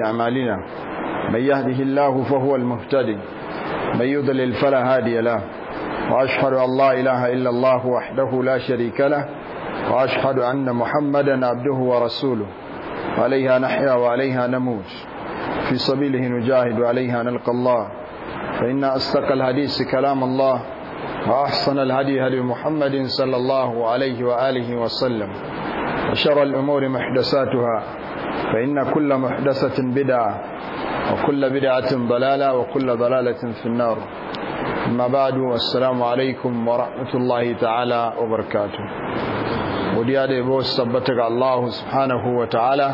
أعمالنا من يهده الله فهو المهتدي من يضلل فلا هادي له وأشهد أن لا إله إلا الله وحده لا شريك له وأشهد أن محمدا عبده ورسوله عليها نحيا وعليها نموت في سبيله نجاهد وعليها نلقى الله فإن أصدق الحديث كلام الله وأحسن الهدي هدي محمد صلى الله عليه وآله وسلم وشر الأمور محدثاتها فإن كل محدثة بدعة وكل بدعة ضلالة وكل ضلالة في النار أما بعد والسلام عليكم ورحمة الله تعالى وبركاته ودي هذا يبوس سبتك الله سبحانه وتعالى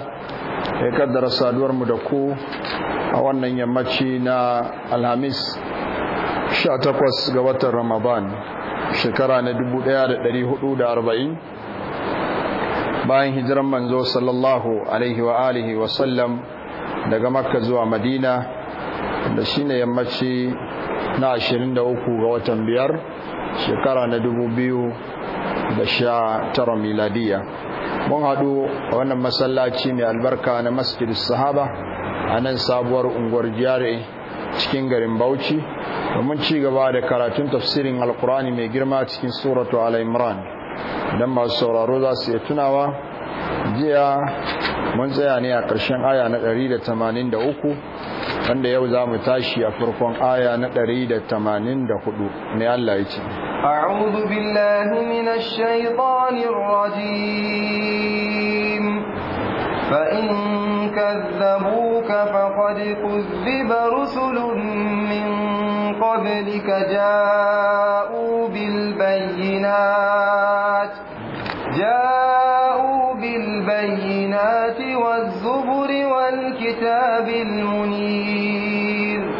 يقدر صادور مدكو أولا يمتشينا الهميس شاتقوس قوة رمضان شكرا ندبو ديار دريه أربعين bayan hijiran manzo sallallahu alaihi wa alihi wa sallam daga makka zuwa madina da shi ne yammaci na 23 ga watan biyar shekara na 2019 miladiya mun haɗu a wannan masallaci mai albarka na masjid sahaba a nan sabuwar unguwar jiyare cikin garin bauchi Mun ci gaba da karatun tafsirin alkurani mai girma cikin suratu al-imran don masu sauraro za su yi tunawa jiya mun tsaya ne a ƙarshen aya na 183 wanda yau za mu tashi a farkon aya na 184 ne Allah ya ce أعوذ بالله من الشيطان الرجيم فإن كذبوك فقد كذب رسل من قبلك جاءوا بالبينات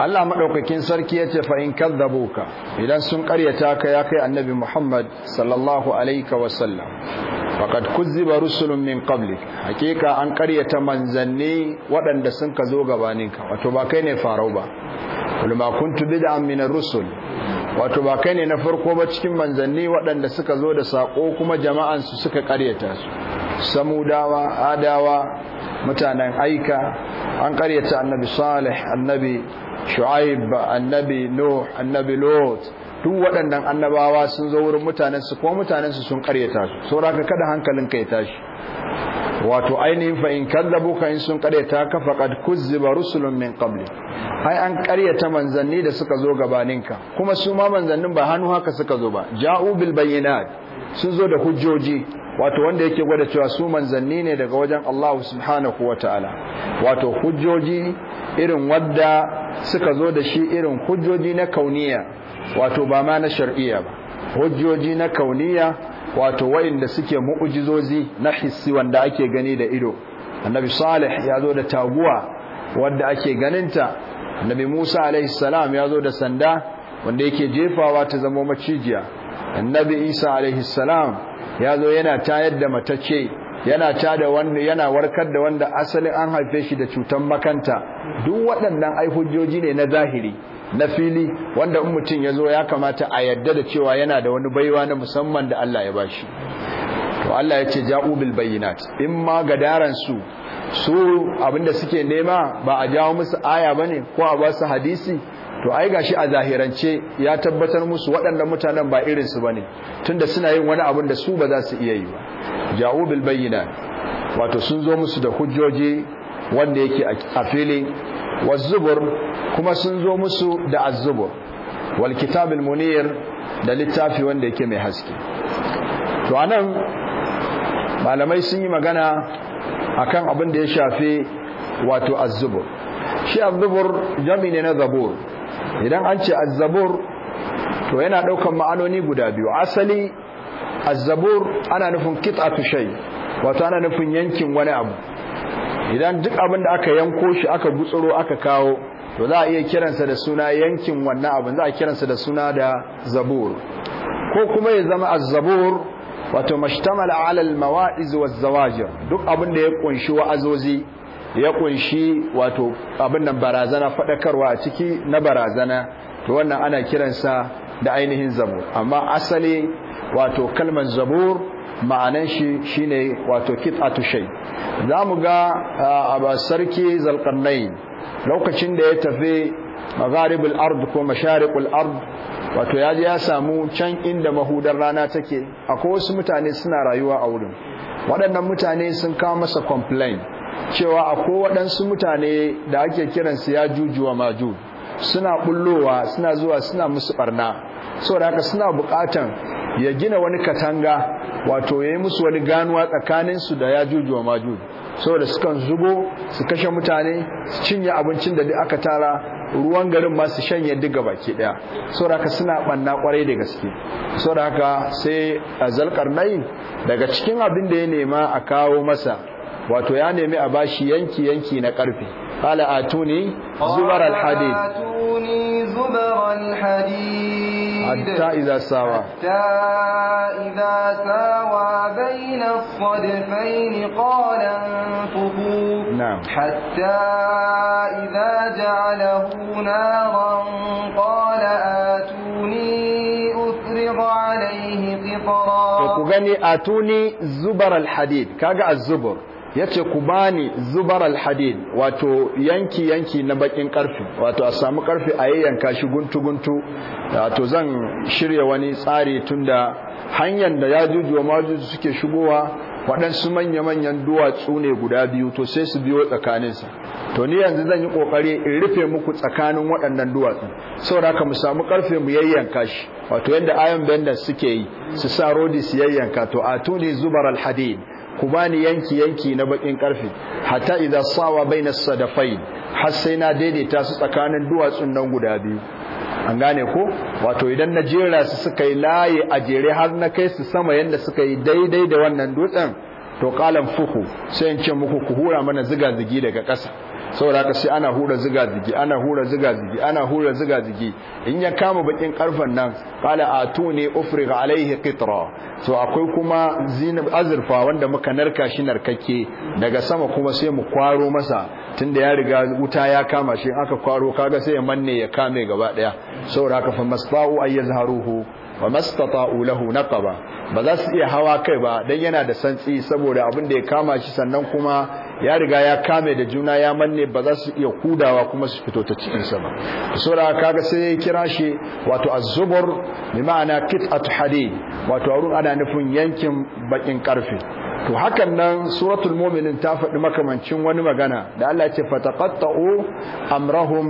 allah maɗaukakin Sarki ya ce yace fa in kadzabuka idan sun karyata ka ya kai annabi Muhammad sallallahu alaihi wasallam faqad kuzziba rusulun min qablik hakika an karyata manzanni waɗanda sun ka zo gabaninka wato ba kai ne farau ba kulma kuntu bid'an min ar-rusul wato ba kai ne na farko ba cikin manzanni waɗanda suka zo da sako kuma jama'an su suka karyata su samudawa adawa mutanen aika an karyata annabi salih annabi shu'aib annabi nuh annabi lot duk waɗannan annabawa sun zo wurin mutanensu ko mutanensu sun karyata su sauraka kada hankalinka ya tashi wato ainihin fa in ka in sun karyata ka faqad kuzziba rusulun min qabli ai an karyata manzanni da suka zo gabaninka kuma su ma manzannin ba hannu haka suka zo ba ja'u bil bayyinat sun zo da hujjoji wato wanda yake gwada cewa su manzanni ne daga wajen Allah subhanahu wa ta'ala wato hujjoji irin wadda suka zo da shi irin hujjoji na kauniya wato ba ma na shar'iyya ba hujjoji na kauniya wato da suke mu'ujizozi na hissi wanda ake gani da ido annabi salih ya zo da taguwa wadda ake ganinta annabi musa alaihi salam ya zo da sanda wanda yake jefawa ta zama macijiya annabi isa alaihi salam ya zo yana tayar da matacce yana tada wanda yana warkar da wanda asali an haife shi da cutar makanta duk waɗannan ai ne na zahiri na fili wanda in mutum ya zo ya kamata a yadda da cewa yana da wani baiwa na musamman da Allah ya bashi to Allah ya ce ja'u bil bayyinat in ma gadaran su su abinda suke nema ba a jawo musu aya bane ko a ba su hadisi to ai gashi a zahirance ya tabbatar musu waɗannan mutanen ba irin su bane tunda suna yin wani abin da su ba za su iya yi ba ja'u bil bayyina wato sun zo musu da hujjoji wanda yake a fili wazzubur kuma sun zo musu da azzubur wal kitabil munir da littafi wanda yake mai haske to anan malamai sun yi magana akan abin da ya shafi wato azzubur shi azzubur jami ne na zabur idan an ce azzabur to yana daukan ma'anoni guda biyu asali azzabur ana nufin qit'atu shay wato ana nufin yankin wani abu idan duk abin da aka yanko shi aka gutsuro aka kawo to za a iya kiransa da suna yankin wannan abin za a kiransa da suna da zabur ko kuma ya zama azzabur wato mashtamala ala almawa'iz waz zawajir duk abin da ya kunshi wa'azozi ya kunshi wato abin nan barazana fadakarwa a ciki na barazana to wannan ana kiransa da ainihin zabur amma asali wato kalmar zabur ma'anan shi shine wato kit'atu shay zamu ga aba sarki zalqarnain lokacin da ya tafi magharibul ard ko masharikul ard wato ya ya samu can inda mahudar rana take akwai wasu mutane suna rayuwa a wurin waɗannan mutane sun kawo masa complaint cewa a waɗansu mutane da ake kiransu ya jujuwa maju suna ɓullowa suna zuwa suna musu barna saboda haka suna buƙatan ya gina wani katanga wato ya yi musu wani ganuwa tsakaninsu da ya jujuwa maju saboda sukan zugo su kashe mutane su cinye abincin da duk aka tara ruwan garin ma su shanye duka baki daya da haka suna ɓanna kwarai da gaske saboda haka sai a zalkar daga cikin abin da ya nema a kawo masa wato ya nemi a bashi yanki yanki na karfe qala atuni zubar al hadid atuni zubar al hadid hatta idza sawa hatta idza sawa bayna as-sadfayn qala anfuhu na'am hatta idza ja'alahu naran qala atuni ufriḍ alayhi qitra to ku gani atuni zubar al hadid kaga az-zubur yace ku bani zubar alhadid wato yanki yanki na bakin karfi wato a samu karfi a yayyanka shi guntu guntu wato zan shirya wani tsari tunda hanyar da ya wa majuju suke shigowa waɗansu manya-manyan duwatsu ne guda biyu to sai su biyo tsakaninsa to ni yanzu zan yi ƙoƙari in rufe muku tsakanin waɗannan duwatsu saboda haka mu samu ƙarfe mu yayyanka shi wato yadda ayon benders suke yi su sa rodi su yayyanka to a tuni zubar alhadid ku bani yanki yanki na bakin karfe hatta idza sawa baina sadafain har sai na daidaita su tsakanin duwatsun nan guda biyu an gane ko wato idan na jera su suka yi layi a jere har na kai su sama yanda suka yi daidai da wannan dutsen to qalan fuhu sai in ce muku ku hura mana ziga zigi daga ƙasa saboda haka sai ana hura ziga zigi ana hura ziga zigi ana hura ziga zigi in ya kama bakin karfan nan qala atuni ufriga alaihi qitra to akwai kuma zinab azurfa wanda muka narka shi narkakke daga sama kuma sai mu kwaro masa tunda ya riga wuta ya kama shi aka kwaro kaga sai ya manne ya kame gaba daya saboda haka fa mastau ayyazharuhu wa mastata'u lahu naqaba ba za su iya hawa kai ba dan yana da santsi saboda abin da ya kama shi sannan kuma ya riga ya kame da juna ya manne ba za su iya kudawa kuma su fito ta cikin sama saboda kaga sai ya kira shi wato az-zubur bi ma'ana qit'at hadid wato arun ana nufin yankin bakin karfe to hakan nan suratul mu'minin ta faɗi makamancin wani magana da Allah ya ce fataqatta'u amrahum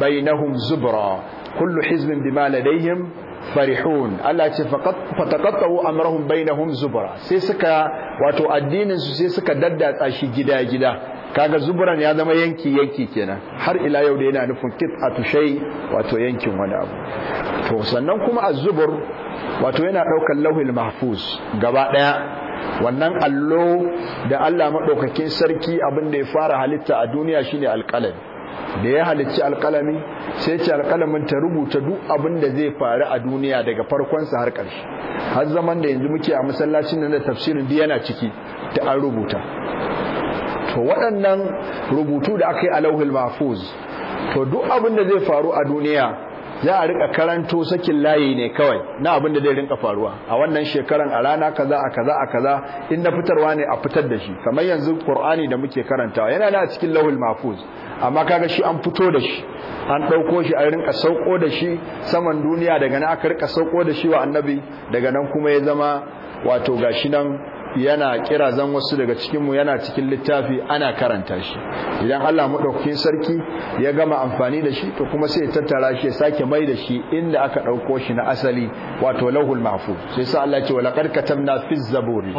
bainahum zubra kullu hizbin bima ladayhim farihun Allah ce fataqattu amrahum bainahum zubra sai suka wato addinin su sai suka daddatsa shi gida gida kaga zubran ya zama yanki yanki kenan har ila yau da yana nufin qit'atu shay wato yankin wani abu to sannan kuma a zubur wato yana daukar lauhil mahfuz gaba daya wannan allo da Allah maɗaukakin sarki abin da ya fara halitta a duniya shine alqalam da ya halicci alƙalami sai ce alƙalamin ta rubuta duk abin da zai faru a duniya daga farkonsa har ƙarshe har zaman da yanzu muke a masallacin nan da tafsirin da yana ciki ta an rubuta to waɗannan rubutu da aka yi a lauhul mahfuz to duk abin da zai faru a duniya za a rika karanto sakin layi ne kawai na abin da zai rinka faruwa a wannan shekaran a rana kaza a kaza a kaza in na fitarwa ne a fitar da shi kamar yanzu Qur'ani da muke karantawa yana na cikin lahul mahfuz amma kaga shi an fito da shi an ɗauko shi a rinka sauko da shi saman duniya daga nan aka rika sauko da shi wa annabi daga nan kuma ya zama wato gashi nan yana kira zan wasu daga cikinmu yana cikin littafi ana karanta shi idan Allah mu maɗaukakin sarki ya gama amfani da shi to kuma sai ya tattara shi ya sake mai da shi inda aka ɗauko shi na asali wato lauhul mahfuz sai sa Allah ya ce wa laqad katabna fi zaburi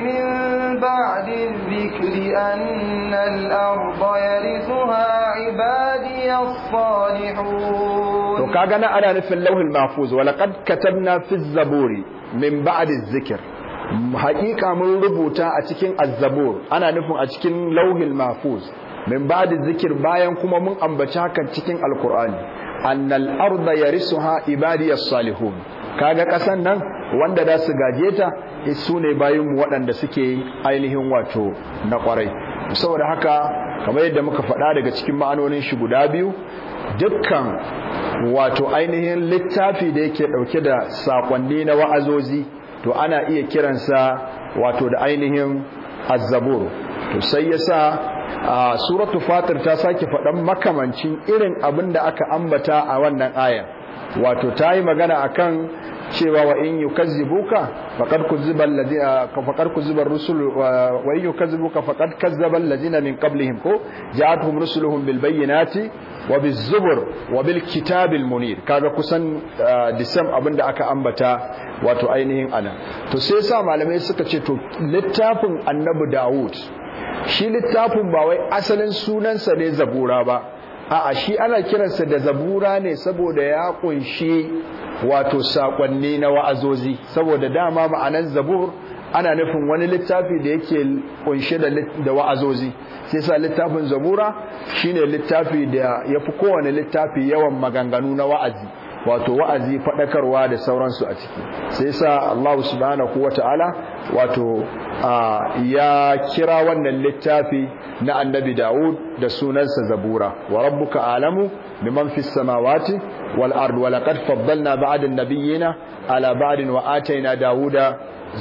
min ba'di dhikri anna al-ardha yarithuha salihun to kaga na ana nufin lauhul mahfuz wa laqad katabna fi zaburi min ba'di zikir haƙiƙa mun rubuta a cikin azzabur ana nufin a cikin lauhul mahfuz min ba'di zikir bayan kuma mun ambaci hakan cikin alqur'ani annal arda yarisuha ibadiyas salihun kaga kasan nan wanda da su gaje ta eh, su ne bayin mu waɗanda suke ainihin wato na kwarai saboda haka kamar yadda muka faɗa daga cikin ma'anonin shi guda biyu dukkan wato ainihin littafi da yake dauke da sakonni na wa'azozi to ana iya kiransa wato da ainihin azzabur to sai yasa suratu fatir ta sake faɗan makamancin irin abin da aka ambata a wannan ayar wato ta yi magana a kan cewa wa in yi kazi buka faƙar ku zubar rusul wa in yukazzibuka faqad kazzaba alladhina min qablihim ko ja'atuhum rusuluhum bil wa bi zubar wa bil kitabil munir kaga kusan disam abinda aka ambata wato ainihin ana to sai sa malamai suka ce to littafin Annabu Dawud shi littafin ba wai asalin sunansa ne zabura ba a'a shi ana kiransa da zabura ne saboda ya kunshi wato sakonni na wa'azozi saboda dama ma'anar zabur ana nufin wani littafi da yake kunshe da wa'azozi sai sa littafin zabura shine littafi da ya fi kowane littafi yawan maganganu na wa'azi wato wa'azi faɗakarwa da sauransu a ciki sai sa Allah subhanahu wataala wato ya kira wannan littafi na annabi Dawud da sunansa Zabura wa rabbuka alamu biman fis samawati wal ard wa laqad faddalna ba'd an-nabiyyina ala ba'd wa atayna Dawuda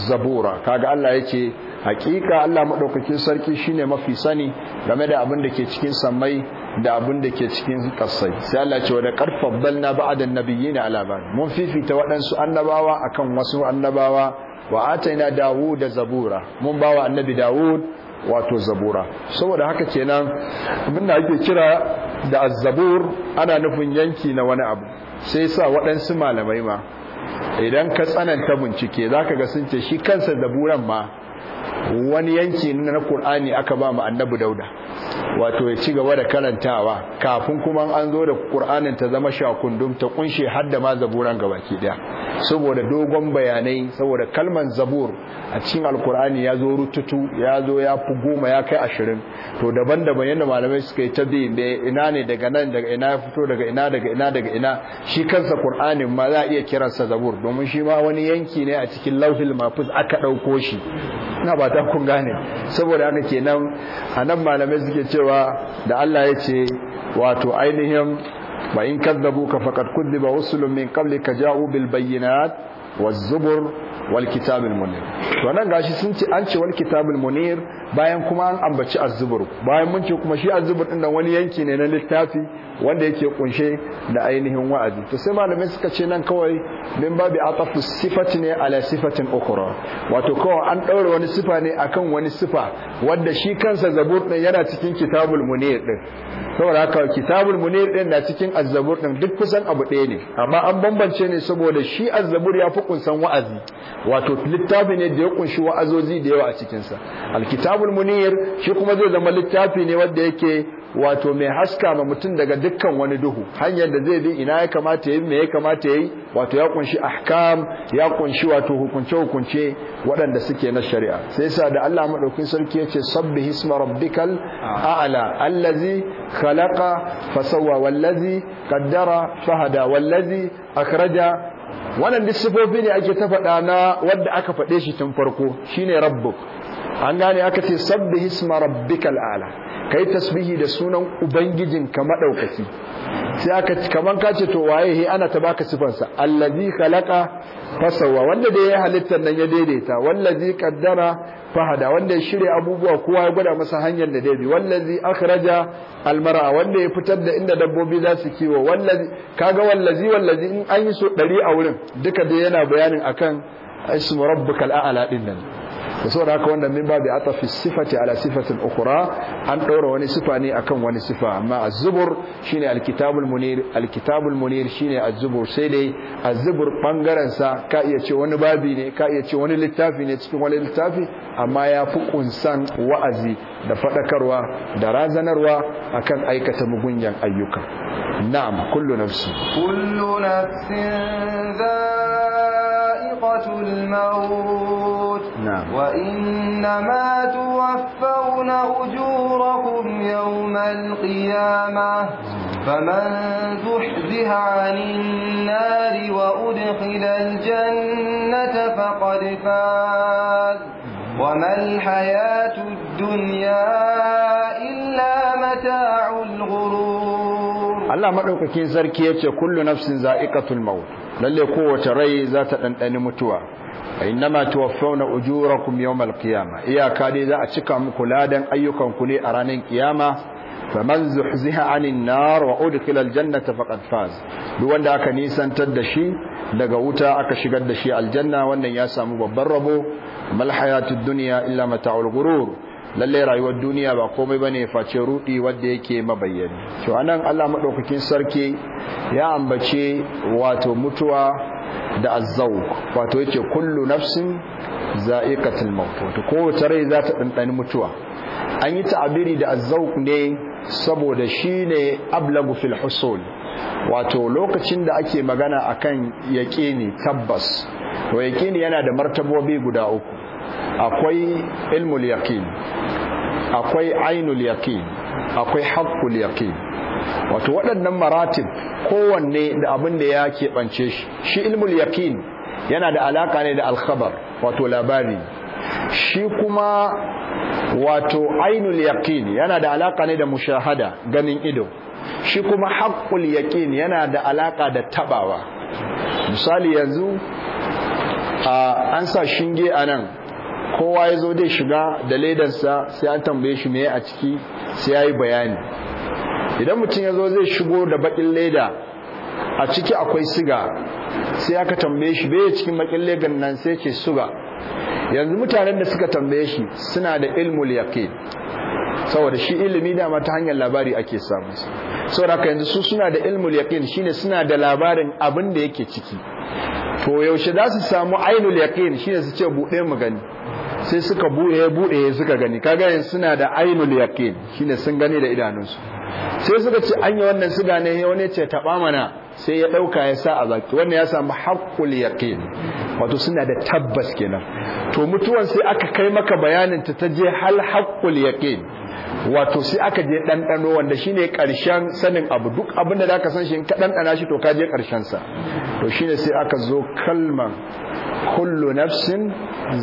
Zabura kaga Allah yake hakika Allah madaukakin sarki shine mafi sani game da abin da ke cikin sammai da abin da ke cikin kasai sai Allah ce wa da karfar balna ba'adan nabiyina alaban mun fifita waɗansu annabawa akan wasu annabawa wa na dawud da zabura mun bawa annabi dawud wato zabura saboda haka kenan abin da ake kira da zabur ana nufin yanki na wani abu sai sa waɗansu malamai ma idan ka tsananta bincike zaka ga sun ce shi kansa zaburan ma wani yanki na Qur'ani aka ba mu annabu Dauda wato ya ci gaba da karantawa kafin kuma an zo da ƙur'anin ta zama shakundum ta kunshe har ma zaburan gabaki daya saboda dogon bayanai saboda kalman zabur a cikin Alkur'ani ya zo rututu ya zo ya fi goma ya kai ashirin to daban-daban yadda malamai suka yi ta bi ina ne daga nan daga ina ya fito daga ina daga ina daga ina shi kansa kur'anin ma za a iya kiransa zabur domin shi ma wani yanki ne a cikin lauhil mafuz aka ɗauko shi ta kun gane saboda haka kenan anan malamai suke cewa da Allah ya ce wato ainihin ba in kadzabuka faqad kudiba rusulun min qablika ja'u bil bayyinat waz zubur wal kitabul munir to nan gashi sun ce an ce wal kitabul munir bayan kuma an ambaci azzubur bayan mun ce kuma shi azzubur ɗin din dan wani yanki ne na littafi wanda yake kunshe da ainihin wa'azi to sai malamai suka ce nan kawai min babi atafu sifati ne ala sifatin ukhra wato kawai an daura wani sifa ne akan wani sifa wanda shi kansa zabur din yana cikin kitabul munir din saboda haka kitabul munir din na cikin az ɗin din duk kusan abu ɗaya ne amma an bambance ne saboda shi az ya fi kunsan wa'azi wato littafi ne da ya kunshi wa'azozi da yawa a cikinsa alkitabul munir shi kuma zai zama littafi ne wanda yake wato mai haska ma mutum daga dukkan wani duhu hanyar da zai bi ina ya kamata yi me ya kamata yi wato ya kunshi ahkam ya kunshi wato hukunce hukunce waɗanda suke na shari'a sai yasa da Allah madaukakin sarki yace sabbi isma rabbikal a'la allazi khalaqa fasawwa wallazi qaddara fahada wallazi akhraja wannan duk ne ake ta faɗa na wanda aka faɗe shi tun farko shine rabbuk an gane aka ce sabbi hisma rabbikal ala kai tasbihi da sunan ubangijin ka madaukaki sai aka kaman ka ce to waye he ana ta baka sa allazi khalaqa fasawa wanda dai ya halitta nan ya daidaita wallazi qaddara fahada wanda ya shirya abubuwa kowa ya gwada masa hanyar da daidai wallazi akhraja almar'a wanda ya fitar da inda dabbobi za su kiwo wallazi kaga wallazi wallazi in an yi so dari a wurin duka dai yana bayanin akan ismu rabbikal a'la din da saboda haka wannan min babu fi sifati ala sifatin ukhra an daura wani sifa ne akan wani sifa amma az-zubur shine al-kitabul munir al-kitabul munir shine az-zubur sai dai az-zubur bangaren sa ka iya ce wani babi ne ka iya ce wani littafi ne cikin wani littafi amma ya fi kunsan wa'azi da fadakarwa da razanarwa akan aikata mugunyan ayyuka na'am kullu nafsin kullu nafsin dha'iqatul maut نعم وإنما توفون أجوركم يوم القيامة فمن زحزح عن النار وأدخل الجنة فقد فاز وما الحياة الدنيا إلا متاع الغرور Allah madaukakin sarki yace kullu nafsin za'iqatul maut lalle kowace rai za ta dandani mutuwa innama tuwaffawna ujurakum yawmal qiyama iyaka dai za a cika muku ladan ayyukan ku ne a ranar kiyama faman zuhziha 'anil nar wa udkhila aljannata faqad faz duk wanda aka nisantar da shi daga wuta aka shigar da shi aljanna wannan ya samu babban rabo mal hayatud dunya illa mata'ul ghurur lalle rayuwar duniya ba komai bane face rudi wanda yake mabayyani to anan Allah madaukakin sarki ya ambace wato mutuwa da azzauq wato yake kullu nafsin za'iqatul maut to kowace rai za ta dandani mutuwa an yi ta'abiri da azzauq ne saboda shine ablagu fil husul wato lokacin da ake magana akan yaqini tabbas to yaqini yana da martabobi guda uku akwai ilmul yaqin akwai ainul yaqin akwai haqqul yaqin wato waɗannan maratib kowanne da abin da ya keɓance shi shi ilmul yaqin yana da alaka ne da alkhabar wato labari shi kuma wato ainul yaqin yana da alaka ne da mushahada ganin ido shi kuma haqqul yaqin yana da alaka da tabawa misali yanzu an sa shinge anan kowa ya zo dai shiga da ledarsa sai an tambaye shi mai a ciki sai ya yi bayani idan mutum ya zo zai shigo da bakin leda a ciki akwai siga sai aka tambaye shi bai cikin bakin legan nan sai ce suga yanzu mutanen da suka tambaye shi suna da ilmul yaqin saboda shi ilimi dama ta hanyar labari ake samu saboda haka yanzu su suna da ilmul yaqin shine suna da labarin abin da yake ciki to yaushe za su samu ainul yaqin shine su ce buɗe mu gani sai suka buɗe buɗe suka gani kaga yanzu suna da ainul yaqin shine sun gani da idanunsu sai suka ce anya wannan su ne wani ce taɓa mana sai ya ɗauka ya sa a zaki wannan ya samu haqqul yaqin wato suna da tabbas kenan to mutuwan sai aka kai maka bayanin ta je hal haqqul yaqin wato sai aka je ɗanɗano wanda shine ƙarshen sanin abu duk abin da zaka san shi in ka ɗanɗana shi to ka je ƙarshen sa to shine sai aka zo kalman kullu nafsin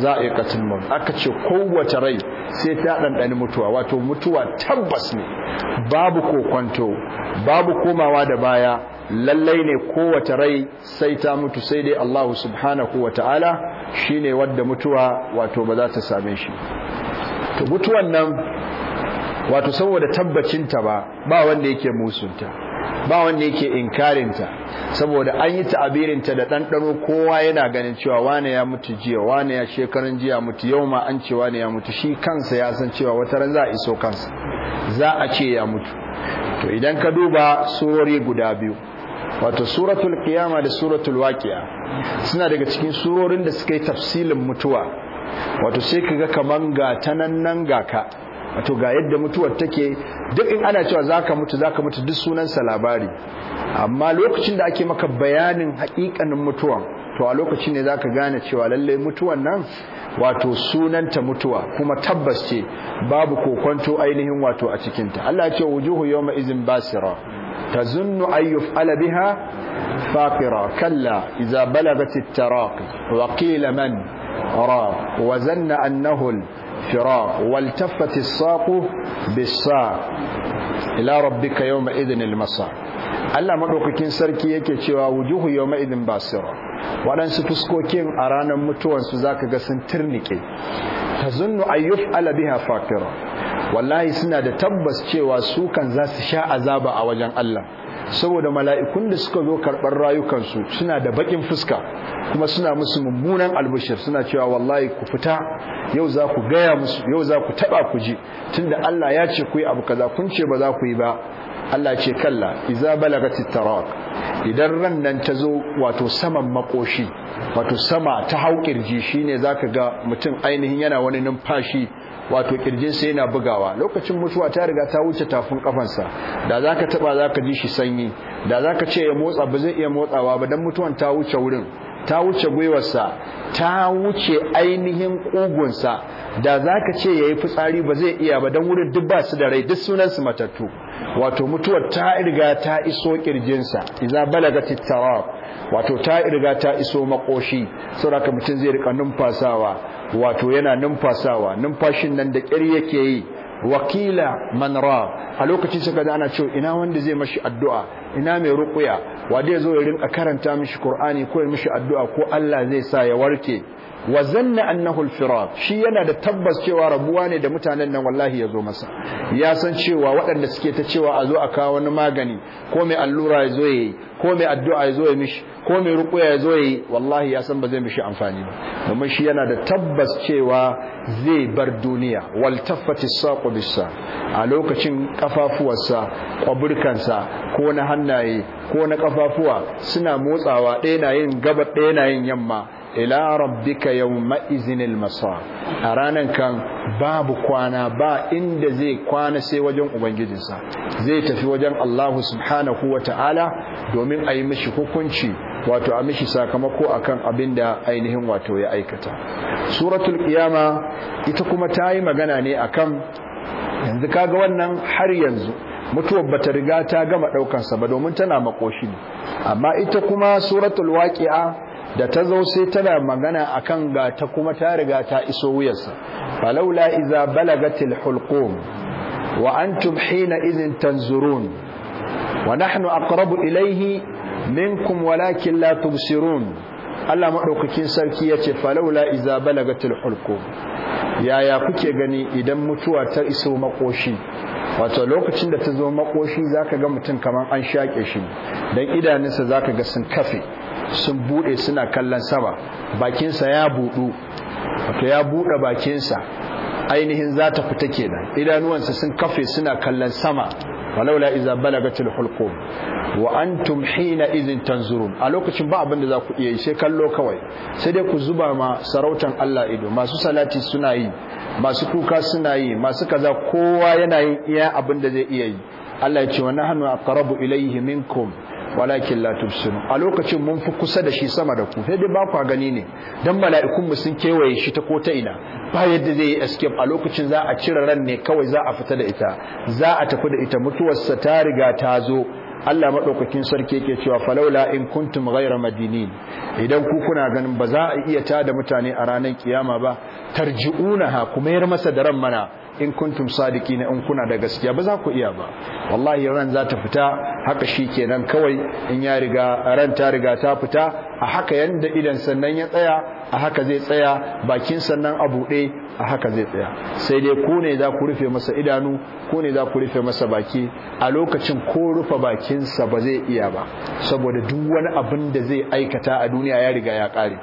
za'iqatul maut aka ce kowace rai sai ta ɗanɗani mutuwa wato mutuwa tabbas ne babu kokonto babu komawa da baya lallai ne kowace rai sai ta mutu sai dai Allah subhanahu wa ta'ala shine wadda mutuwa wato ba za ta same shi to mutuwan nan wato saboda tabbacinta ba ba wanda yake musunta ba wanda yake inkarinta saboda an yi ta'abirinta da ɗanɗano kowa yana ganin cewa wane ya mutu jiya wane ya shekaran jiya mutu yau ma an ce wane ya mutu shi kansa ya san cewa wata ran za a iso kansa za a ce ya mutu to idan ka duba surori guda biyu wato suratul kiyama da suratul waqi'a suna daga cikin surorin da suka yi tafsilin mutuwa wato sai kaga kaman ga tanan nan ga ka wato ga yadda mutuwar take duk in ana cewa zaka mutu zaka mutu duk sunansa labari amma lokacin da ake maka bayanin haƙiƙanin mutuwan to a lokacin ne zaka gane cewa lalle mutuwan nan wato sunanta mutuwa kuma tabbas ce babu kokonto ainihin wato a cikin ta Allah ya ce wujuhu yawma izin basira tazunnu ayyuf ala biha faqira kalla idza balagat at-taraqi wa qila man ara wa zanna annahu الفراق والتفت الساق بالساق ila rabbika yawma idhin Allah maɗaukakin sarki yake cewa wujuhu yawma idhin basira Waɗansu fuskokin a ranar mutuwan su zaka ga sun turnike tazunnu ayyuf ala biha faqira wallahi suna da tabbas cewa su kan za su sha azaba a wajen Allah saboda mala'ikun da suka zo karɓar rayukansu suna da baƙin fuska kuma suna musu mummunan albashir suna cewa wallahi ku fita yau za ku gaya musu yau za ku taɓa ku ji tunda Allah ya ce ku yi abu kaza kun ce ba za ku yi ba Allah ce kalla iza balaga idan ran nan ta zo wato saman makoshi wato sama ta hau ne za ka ga mutum ainihin yana wani numfashi wato kirjin sai yana bugawa lokacin mutuwa ta riga ta wuce tafin kafansa da zaka taba zaka ji shi sanyi da zaka ce ya motsa ba zai iya motsawa ba dan mutuwan ta wuce wurin ta wuce gwiwarsa ta wuce ainihin ƙugunsa da za ka ce ya yi fitsari ba zai iya ba don wurin duk ba su da rai duk sunansu matattu wato mutuwar ta irga ta iso kirjinsa iza balaga tattawa wato ta irga ta iso makoshi saboda mutum zai rika numfasawa wato yana numfasawa numfashin nan da ƙir yake yi wakila man ra a lokacin suka da ana cewa ina wanda zai mashi addu'a ina mai ruƙuya wa dai zo ya rinka karanta mishi qur'ani ko ya mishi addu'a ko Allah zai sa ya warke wa zanna annahu al-firaq shi yana da tabbas cewa rabuwa ne da mutanen nan wallahi yazo masa ya san cewa waɗanda suke ta cewa a zo a kawo wani magani ko mai allura ya zo yayi ko mai addu'a ya zo ya mishi ko mai ruqya ya zo yayi wallahi ya san ba zai mishi amfani ba domin shi yana da tabbas cewa zai bar duniya wal taffati saqu bisa a lokacin kafafuwarsa kwaburkansa ko na hannaye ko na kafafuwa suna motsawa ɗaya na yin gaba ɗaya na yin yamma ila rabbika yawma izinil masar a ranan kan babu kwana ba inda zai kwana sai wajen ubangijinsa zai tafi wajen Allah subhanahu wata'ala domin a yi mishi hukunci wato a mishi sakamako akan abin da ainihin wato ya aikata suratul qiyama ita kuma ta yi magana ne akan yanzu kaga wannan har yanzu mutuwar bata riga ta gama ɗaukansa ba domin tana makoshi ne amma ita kuma suratul waqi'a da ta zo sai tana magana akan ga ta kuma ta riga ta iso wuyarsa falaula iza balagatil hulqum wa antum hina idhin tanzurun wa nahnu aqrabu ilayhi minkum walakin la tubsirun Allah maɗaukakin sarki ya ce falaula iza balagatul hulku. yaya kuke gani idan mutuwa ta iso makoshi wato lokacin da ta zo makoshi zaka ga mutum kaman an shake shi dan idanunsa zaka ga sun kafe sun bude suna kallon sama bakinsa ya budu wato ya bude bakinsa ainihin za ta fita kenan idanuwansa sun kafe suna kallon sama falaula iza balagatil hulqum wa antum hina idhin tanzurun a lokacin ba abin da za ku iya yi sai kallo kawai sai dai ku zuba ma sarautan Allah ido masu salati suna yi masu kuka suna yi masu kaza kowa yana yin iya abin da zai iya yi Allah ya ce wa nahnu aqrabu ilayhi minkum walakin la a lokacin mun fi kusa da shi sama da ku sai dai ba ku gani ne dan mala'ikun mu sun kewaye shi ta ko ta ina ba yadda zai yi escape a lokacin za a cire ran ne kawai za a fita da ita za a tafi da ita mutuwarsa ta riga ta zo Allah madaukakin sarki yake cewa falaula in kuntum ghayra madinin idan ku kuna ganin ba za a iya tada mutane a ranar kiyama ba tarji'unaha kuma yar masa da ran mana in kuntum sadiqina in kuna da gaskiya ba za ku iya ba wallahi ran za ta fita haka shi kenan kawai in ya riga ran ta riga ta fita a haka yanda idan sannan ya tsaya a haka zai tsaya bakin sannan a buɗe a haka zai tsaya sai dai ku ne za ku rufe masa idanu ku ne za ku rufe masa baki a lokacin ko rufe bakinsa ba zai iya ba saboda duk wani abin da zai aikata a duniya ya riga ya kare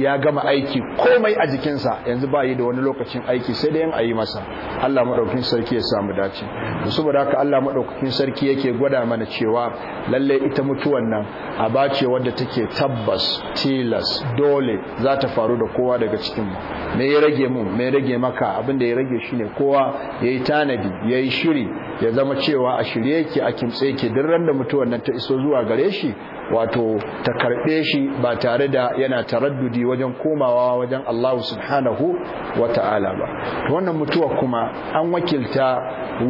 ya gama aiki komai a jikinsa yanzu ba yi da wani lokacin aiki sai dai yin a yi masa Allah maɗaukakin sarki ya samu dace saboda haka Allah maɗaukakin sarki yake gwada mana cewa lalle ita mutuwan nan a bace wadda take tabbas tilas dole za ta faru da kowa daga cikinmu me ya rage mu me ya rage maka abin da ya rage shine kowa ya yi tanadi yayi shiri ya zama cewa a shirye yake a kimtse yake duk randa da mutuwar nan ta iso zuwa gare shi wato ta karbe shi ba tare da yana taraddudi wajen komawa wajen Allahu subhanahu wa ta'ala ba to wannan mutuwa kuma an wakilta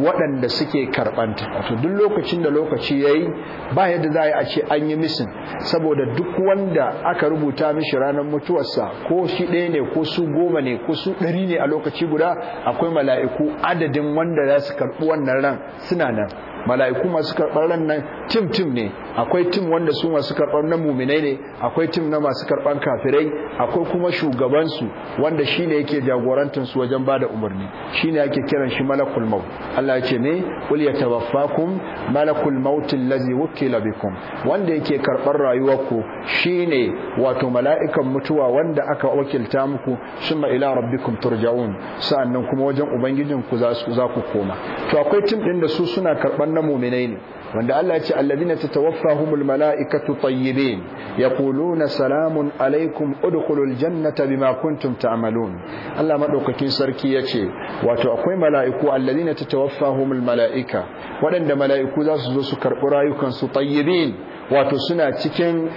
waɗanda suke karɓanta wato duk lokacin da lokaci yayi ba yadda za a ce an yi misin saboda duk wanda aka rubuta mishi ranar mutuwarsa ko shi ɗaya ne ko su goma ne ko su ɗari ne a lokaci guda akwai mala'iku adadin wanda za su karɓi wannan ran suna nan mala'iku masu karɓar ran nan tim tim ne akwai tim wanda su masu karɓar na muminai ne akwai tim na masu karɓar kafirai akwai kuma shugabansu wanda shine yake jagorantar su wajen bada umarni shine ne ake kiran shi malakul maut Allah ya ce ne ya yatawaffakum malakul maut allazi wukila bikum wanda yake karɓar rayuwarku shi ne wato mala'ikan mutuwa wanda aka wakilta muku summa ila rabbikum turja'un sa'annan kuma wajen ubangijinku za ku koma to akwai tim ɗin da su suna karɓar na muminai ne wanda Allah ya ce alladhina tatawaffahumul malaikatu tayyibin yaquluna salamun alaikum udkhulul jannata bima kuntum ta'malun Allah madaukakin sarki yace wato akwai malaiku alladhina tatawaffahumul malaika waɗanda malaiku za su zo su karɓi rayukan su tayyibin wato suna cikin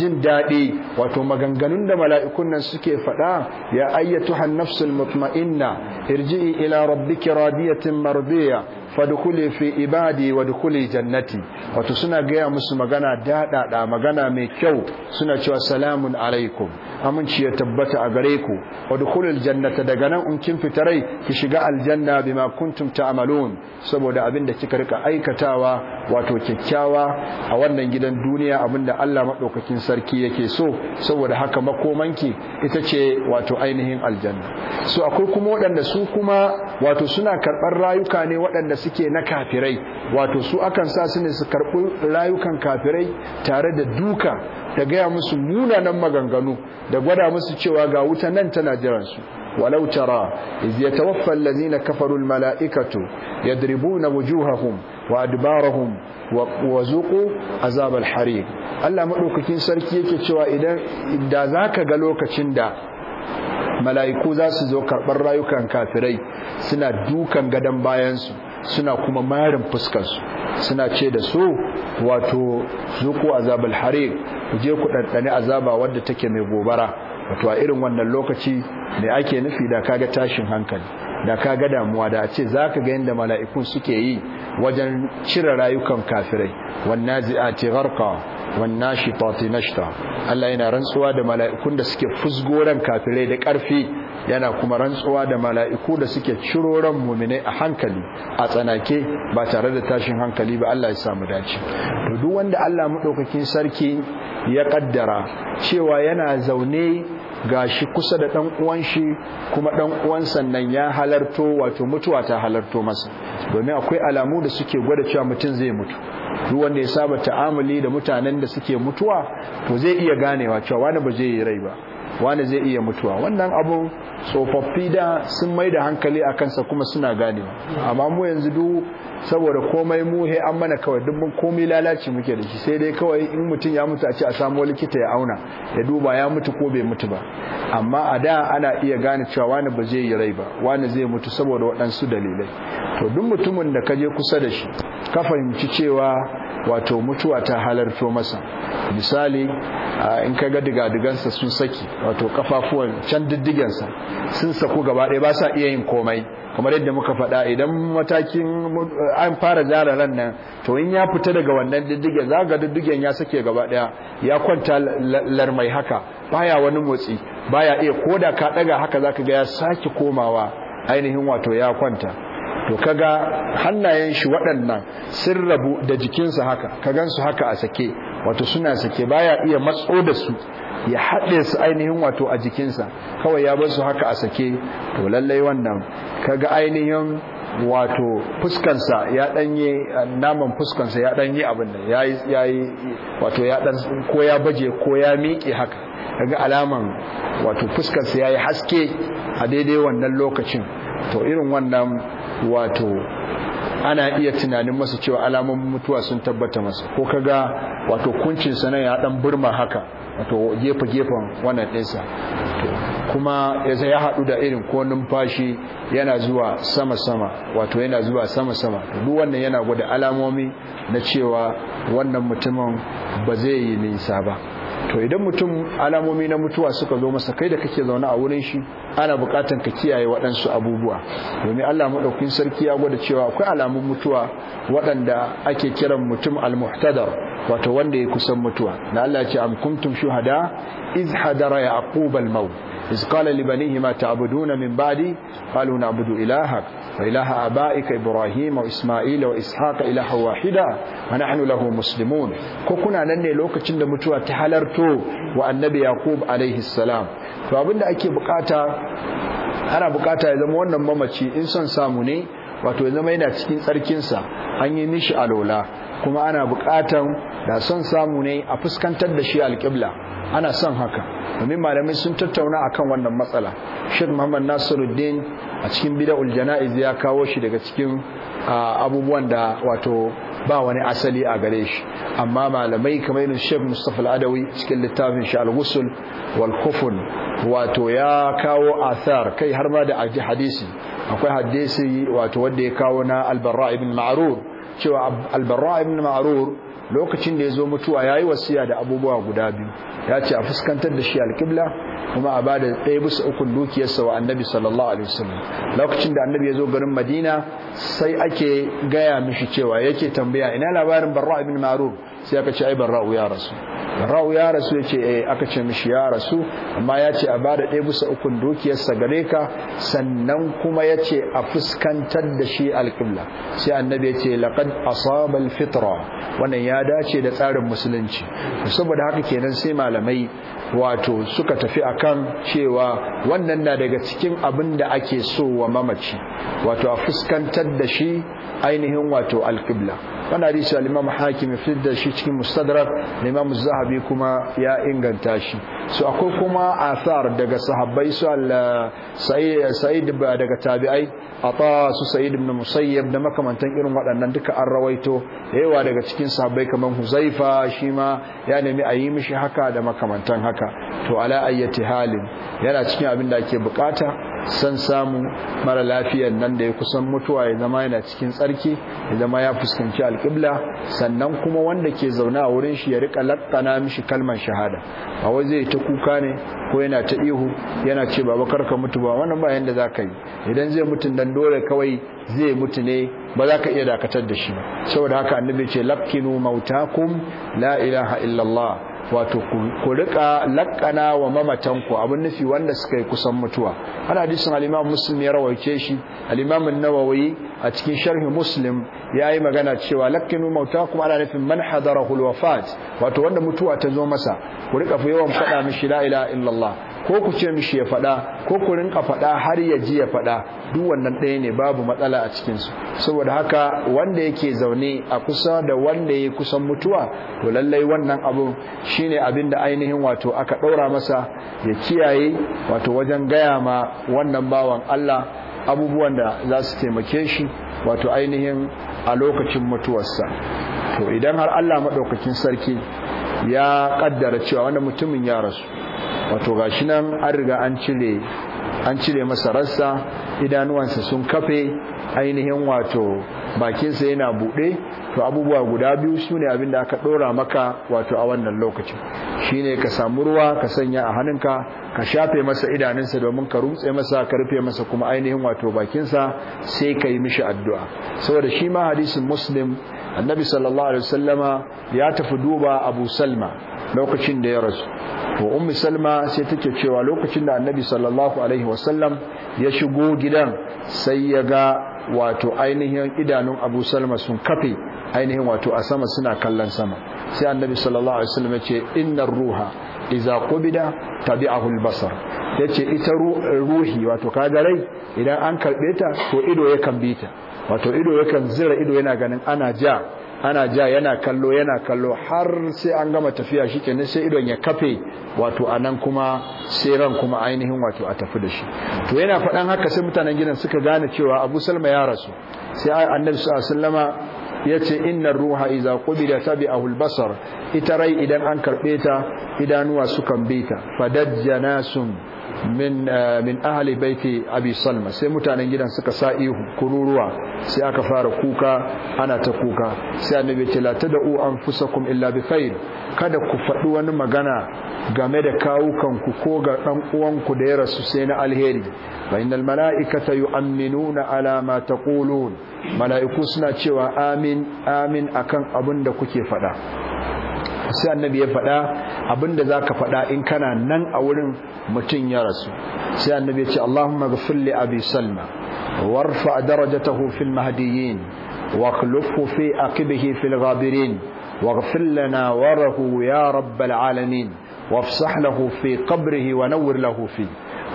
jin daɗi wato maganganun da mala'ikun nan suke faɗa ya ayyatu hannafsul mutma'inna irji'i ila rabbiki radiyatin mardiya Fadukule fi ibadi wadkhuli jannati wato suna gaya musu magana daɗaɗa magana mai kyau suna cewa salamun alaikum aminci ya tabbata a gare ku wadkhulul jannata daga nan in kin fitarai ki shiga aljanna bima kuntum ta'malun saboda abin da kika rika aikatawa wato kyakkyawa a wannan gidan duniya abinda Allah madaukakin sarki yake so saboda haka makomanki ita ce wato ainihin aljanna so akwai kuma waɗanda su kuma wato suna karɓar rayuka ne waɗanda suke na kafirai wato su akan sa su ne su karɓi rayukan kafirai tare da duka da gaya musu munanan maganganu da gwada musu cewa ga wuta nan tana jiransu ولو ترى إذ يتوفى الذين كفروا الملائكة يضربون وجوههم وأدبارهم وذوقوا عذاب الحريق Allah madaukakin sarki yake cewa idan da zaka ga lokacin da mala'iku za su zo karɓar rayukan kafirai suna dukan gadon bayansu suna kuma marin fuskarsu suna ce da su wato zuku azabul harir je ku ɗanɗani azaba wadda take mai gobara wato a irin wannan lokaci ne ake nufi da kaga tashin hankali da kaga damuwa da a ce zaka ga yanda mala'ikun suke yi wajen cire rayukan kafirai wannazi'ati gharqa wannashitati nashta Allah yana rantsuwa da mala'ikun da suke fusgoran kafirai da ƙarfi yana kuma rantsuwa da mala'iku da suke ciro ran mu'minai a hankali a tsanake ba tare da tashin hankali ba Allah ya samu dace to duk wanda Allah madaukakin sarki ya kaddara cewa yana zaune gashi kusa da dan uwan shi kuma dan uwan sannan ya halarto wato mutuwa ta halarto masa domin akwai alamu da suke gwada cewa mutum zai mutu duk wanda ya saba ta'amuli da mutanen da suke mutuwa to zai iya ganewa cewa wani ba zai yi rai ba wani zai iya mutuwa wannan abu tsofaffi da sun mai da hankali a kansa kuma suna gane amma mu yanzu duk saboda komai mu he an mana kawai duk komai lalaci muke da shi sai dai kawai in mutum ya mutu a ce a samu likita ya auna ya duba ya mutu ko bai mutu ba amma a da ana iya gane cewa wani ba zai yi rai ba wani zai mutu saboda waɗansu dalilai to duk mutumin da ka je kusa da shi ka fahimci cewa wato mutuwa ta halarto masa misali in ka ga digadigansa sun saki wato kafafuwan can diddigensa sun saku gaba ɗaya ba sa iya yin komai kamar yadda muka faɗa idan matakin an fara zara ran nan to in ya fita daga wannan diddigen za ga diddigen ya sake gaba ɗaya ya kwanta larmai haka baya wani motsi baya iya koda ka ɗaga haka za ka ga ya sake komawa ainihin wato ya kwanta to kaga hannayen shi waɗannan sun rabu da jikinsa haka ka gansu haka a sake wato suna sake baya iya matso da su ya haɗe su ainihin wato a jikinsa kawai ya bar su haka a sake to lallai wannan kaga ainihin wato fuskansa ya ɗanye naman fuskansa ya ɗanye abin da ya yi wato ya ɗan ko ya baje ko ya miƙe haka daga alaman wato fuskansa ya yi haske a daidai wannan lokacin to irin wannan wato ana iya tunanin masa cewa alamun mutuwa sun tabbata masa ko kaga wato kuncin sa ya dan burma haka wato gefe gefen wannan ɗinsa kuma yasa ya haɗu da irin ko numfashi yana zuwa sama sama wato yana zuwa sama sama duk wannan yana gwada alamomi na cewa wannan mutumin ba zai yi nisa ba to idan mutum alamomi na mutuwa suka zo masa kai da kake zaune a wurin shi ana bukatan ka kiyaye waɗansu abubuwa domin Allah ɗaukin sarki ya gwada cewa akwai alamun mutuwa waɗanda ake kiran mutum almuhtadar wato wanda ya kusan mutuwa da Allah ya ce am kuntum shuhada iz hadara yaqub almaut iz qala li banihi ma ta'buduna min ba'di qalu na'budu ilahak wa ilaha abaika ibrahim wa isma'ila wa ishaqa ilaha wahida wa nahnu lahu muslimun ko kuna nan ne lokacin da mutuwa ta halarto wa annabi yaqub alaihi salam to abinda ake bukata ana bukata ya zama wannan mamaci in son samu ne wato ya zama yana cikin tsarkinsa an yi mishi alola kuma ana bukatan da son samu ne a fuskantar da shi alƙibla ana son haka domin malamai sun tattauna akan wannan matsala Sheikh Muhammad Nasiruddin a cikin bid'ul uljana'iz ya kawo shi daga cikin abubuwan da wato ba wani asali a gare shi amma malamai kamar irin Sheikh Mustafa Al-Adawi cikin littafin shi al gusul wal Kufun wato ya kawo athar kai har ma da hadisi akwai hadisi wato wadda ya kawo na albarra ibn ma'arur cewa albarra ibn Ma'rur lokacin da ya zo mutuwa ya yi wasiya da abubuwa guda biyu ya ce a fuskantar da shi alƙibla kuma a ba da ɗaya bisa ukun dukiyarsa wa annabi sallallahu alaihi wasallam lokacin da annabi ya zo garin madina sai ake gaya mishi cewa yake tambaya ina labarin barra ibn marur sai aka ce aibar Rau ya rasu Rau ya rasu ya ce eh aka ce mishi ya rasu amma yace a bada ɗaya bisa ukun dukiyarsa gare ka sannan kuma yace a fuskantar da shi alqibla sai annabi yace a sabon fitra wannan ya dace da tsarin musulunci saboda haka kenan sai malamai wato suka tafi akan cewa wannan na daga cikin abin da ake so wa mamaci wato a fuskantar da shi ainihin wato alƙibla wannan hadisi al-Imam Hakim fi da shi cikin mustadrak da imam zahabi kuma ya inganta shi so akwai kuma asar daga sahabbai su eh, sa'id eh, eh, daga tabi'ai ata su sa'id ibn musayyab da makamantan irin waɗannan duka an rawaito yawa daga cikin sahabbai kamar huzaifa shi ma ya nemi a yi mishi haka da makamantan haka to ala ayyati halin yana cikin abin da ake bukata san samu mara lafiyar nan da ya kusan mutuwa ya zama yana cikin tsarki ya zama ya fuskanci alƙibla sannan kuma wanda ke zaune a wurin shi ya rika lakkana mishi kalmar shahada a wai zai ta kuka ne ko yana ta ihu yana ce ba baba ka mutu ba wannan ba yanda za ka yi idan zai mutu dan dole kawai zai mutu ne ba za ka iya dakatar da shi ba saboda haka annabi ce lakkinu mautakum la ilaha illallah wato ku rika lakana wa mamatanku abin nufi wanda suka yi kusan mutuwa ana hadisin al-Imam Muslim ya rawaice shi al-Imam an a cikin sharhi Muslim ya yi magana cewa lakinu kuma ana nufin man hadarahu al-wafat wato wanda mutuwa ta zo masa ku rika yawan faɗa mishi la ilaha illallah ko ku ce mishi ya faɗa ko ku rinka faɗa har ya ji ya faɗa duk wannan ɗaya ne babu matsala a cikinsu saboda haka wanda yake zaune a kusa da wanda ya kusan mutuwa to lallai wannan abu shine abin da ainihin wato aka ɗaura masa ya kiyaye wato wajen gaya ma wannan bawan Allah abubuwan da za su taimake shi wato ainihin a lokacin mutuwarsa to idan har Allah maɗaukakin sarki ya ƙaddara cewa wanda mutumin ya rasu wato ga shi nan an riga an cire an cire masa rassa idanuwansa sun kafe ainihin wato bakinsa yana buɗe to abubuwa guda biyu su ne abinda aka ɗora maka wato a wannan lokacin shi ne ka samu ruwa ka sanya a hannunka ka shafe masa idanunsa domin ka rutse masa ka rufe masa kuma ainihin wato bakinsa sai ka yi mishi addu'a saboda shi ma hadisin muslim annabi sallallahu alaihi wasallama ya tafi duba abu salma lokacin da ya rasu to ummu salma sai take cewa lokacin da annabi sallallahu alaihi wasallam ya shigo gidan sai ya ga wato ainihin idanun abu salma sun kafe ainihin wato a sama suna kallon sama sai annabi sallallahu alaihi wasallam ce innar ruha idza qubida tabi'ahu albasar basar yace ita ruhi wato kaga rai idan an karbe ta to ido yakan bi ta wato ido yakan zira ido yana ganin ana ja ana ja yana kallo yana kallo har sai an gama tafiya shikenan sai idon ya kafe wato anan kuma sai ran kuma ainihin wato a tafi da shi to yana faɗan haka sai mutanen gidan suka gane cewa Abu Salma ya rasu sai Annabi sallallahu alaihi ya ce innar ruha idza qubida tabi a hulbasar ita rai idan an karbe ta idanuwa sukan bi ta sun. min eh, min ahli baiti abi salma sai mutanen gidan suka sa ihu kururuwa sai aka fara kuka ana ta kuka sai annabi ce la tad'u anfusakum illa bi khair kada ku faɗi wani magana game da kawukan ku ko ga dan uwanku da ya rasu sai na alheri fa innal mala'ikata yu'minuna ala ma taqulun mala'iku suna cewa amin amin akan abin da kuke faɗa sai annabi ya faɗa abinda zaka faɗa in kana nan a wurin mutum ya rasu sai annabi ya ce Allahumma ghfir li abi salma warfa darajatahu fil mahdiyyin واخلفه في عقبه في الغابرين واغفر لنا وره يا رب العالمين وافسح له في قبره ونور له فيه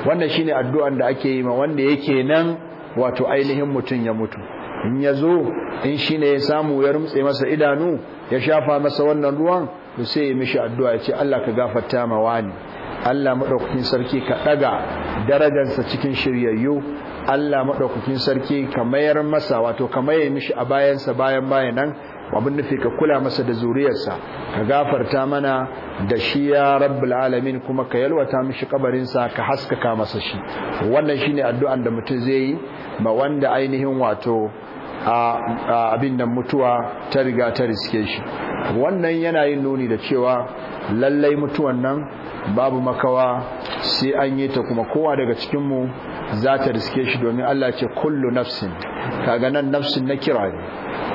wannan shine addu'an da ake yi ma wanda yake nan wato ainihin mutun ya mutu in yazo in shine ya samu ya rumtse masa idanu ya shafa masa wannan ruwan to sai ya mishi addu'a ya ce Allah ka gafarta ma wani Allah madaukakin sarki ka ɗaga darajarsa cikin shiryayyu Allah madaukakin sarki ka mayar masa wato ka maye mishi a bayansa bayan bayan nan abin nufi ka kula masa da zuriyarsa ka gafarta mana da shi ya rabbul alamin kuma ka yalwata mishi kabarinsa ka haskaka masa shi wannan shine addu'an da mutum zai yi ma wanda ainihin wato abin nan mutuwa ta riga ta riske shi wannan yana yin nuni da cewa lallai mutuwan nan babu makawa sai an yi ta kuma kowa daga cikinmu za ta riske shi domin Allah ce kullu nafsin kaga nan nafsin na kira ne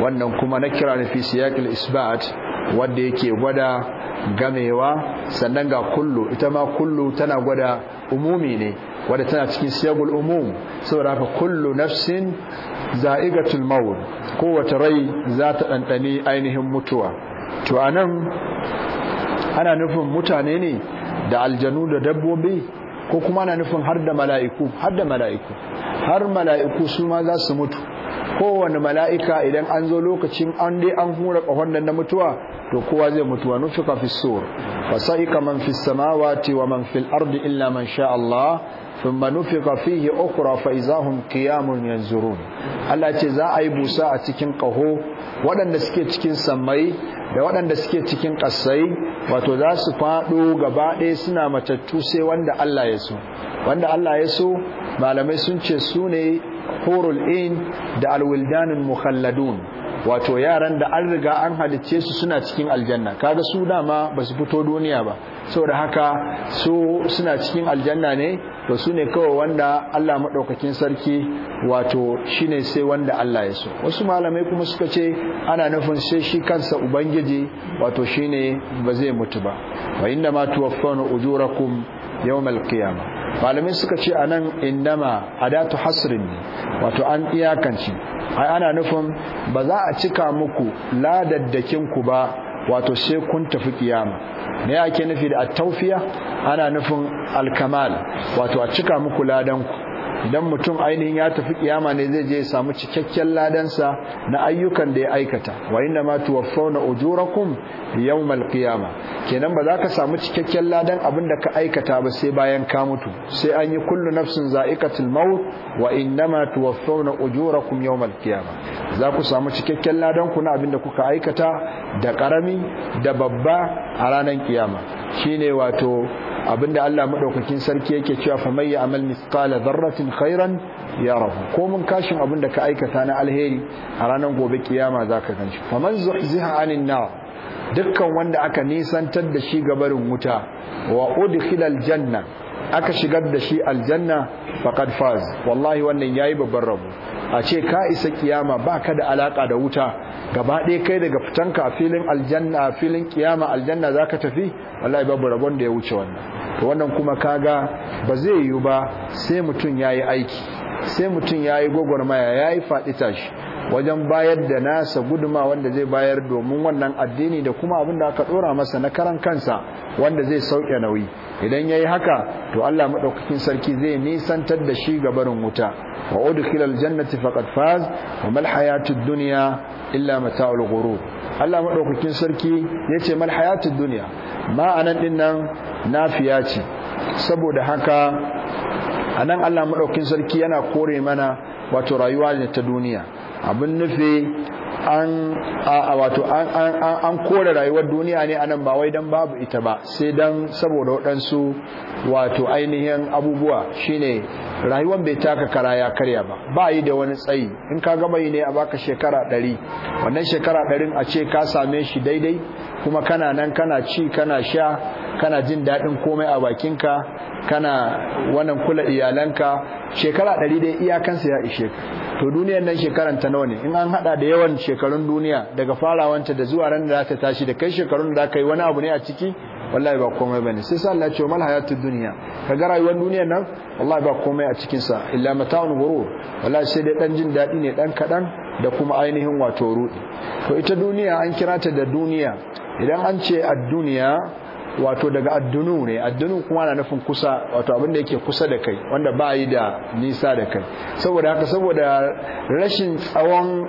wannan kuma na kira ne fi siyaqil isbat wanda yake gwada gamewa sannan ga kullu ita ma kullu tana gwada umumi ne wadda tana cikin siyagul umum saboda haka kullu nafsin za'igatul maut kowace rai za ta ɗanɗani ainihin mutuwa to anan ana nufin mutane ne da aljanu da dabbobi ko kuma ana nufin har da mala'iku har da mala'iku har mala'iku su ma za su mutu kowane mala'ika idan an zo lokacin an dai an hura ƙahon nan na mutuwa to kowa zai mutu wa nufika fi sur fa man fi samawati wa man fil ardi illa man sha Allah thumma nufiqa fihi ukra fa izahum qiyamun yanzurun Allah ce za a yi busa a cikin kaho waɗanda suke cikin sammai da waɗanda suke cikin ƙasai wato za su faɗo gabaɗaya suna matattu sai wanda Allah ya so wanda Allah ya so malamai sun ce su ne horul in da alwildanin mukhalladun wato yaran da an riga an halicce su suna cikin aljanna kaga su dama ba su fito duniya ba saboda haka su suna cikin aljanna ne to su ne kawai wanda Allah maɗaukakin sarki wato shi ne sai wanda Allah ya so wasu malamai kuma suka ce ana nufin sai shi kansa ubangiji wato shi ne ba zai mutu ba wa inda ma tuwaffawna ujurakum yau malkiyama malamai suka ce anan ma adatu hasrin ne wato an iyakanci ai ana nufin ba za a cika muku ladaddakin ku ba wato sai kun tafi kiyama me ake nufi da at-tawfiya ana nufin al-kamal wato a cika muku ladan ku Idan mutum ainihin ya tafi kiyama ne zai je ya samu cikakken ladansa na ayyukan da ya aikata wa inna ma tuwaffawna ujurakum yawmal qiyama kenan ba za ka samu cikakken ladan abin da ka aikata ba sai bayan ka mutu sai an yi kullu nafsin za'iqatul maut wa inna ma tuwaffawna ujurakum yawmal qiyama za ku samu cikakken ladan ku na abin da kuka aikata da karami da babba a ranar kiyama ne wato abin da Allah madaukakin sarki yake cewa famayya amal misqala dharratin khairan yarahu ko mun kashin abin da ka aikata na alheri a ranar gobe kiyama zaka ganshi faman zuhziha anin nar dukkan wanda aka nisantar da shi gabarin wuta wa udkhila janna. aka shigar da shi aljanna faqad faz wallahi wannan yayi babban rabo a ce ka isa kiyama baka da alaka da wuta gaba ɗaya kai daga fitanka a filin aljanna filin kiyama aljanna zaka tafi wallahi babu rabon da ya wuce wannan to wannan kuma kaga ba zai yiwu ba sai mutum yayi aiki sai mutum yayi gwagwarmaya yayi faɗi tashi wajen bayar da nasa guduma wanda zai bayar domin wannan addini da kuma abin da aka dora masa na karan kansa wanda zai sauke nauyi idan yayi haka to Allah madaukakin sarki zai nisantar da shi ga barin wuta wa udkhilal jannati faqad faz wa mal hayatud dunya illa mata'ul ghurur Allah madaukakin sarki yace mal hayatud dunya ma anan dinnan nafiya ce saboda haka anan Allah madaukakin sarki yana kore mana wato rayuwa ne ta duniya abin nufi an wato kore rayuwar duniya ne anan ba wai don babu ita ba sai don saboda waɗansu wato ainihin abubuwa shine rayuwar bai taka kara ya karya ba ba yi da wani tsayi in ka gama yi ne a baka shekara ɗari wannan shekara ɗarin a ce ka same shi daidai kuma kana nan kana ci kana sha kana jin daɗin komai a bakinka kana wannan kula iyalanka shekara ɗari dai iyakansa ya ishe ka to duniyar nan shekaran ta nawa ne in an haɗa da yawan shekarun duniya daga farawanta da zuwa ran da za ta tashi da kai shekarun da za ka yi wani abu ne a ciki wallahi ba komai bane sai sa Allah ya ce mal hayatud dunya kaga rayuwar duniyar nan wallahi ba komai a cikin sa illa mata'un ghurur wallahi sai dai dan jin dadi ne dan kadan da kuma ainihin wato rudi to ita duniya an kira ta da duniya idan an ce ad-dunya wato daga addunu ne addunu kuma na nufin kusa wato abin da yake kusa da kai wanda ba yi da nisa da kai saboda haka saboda rashin tsawon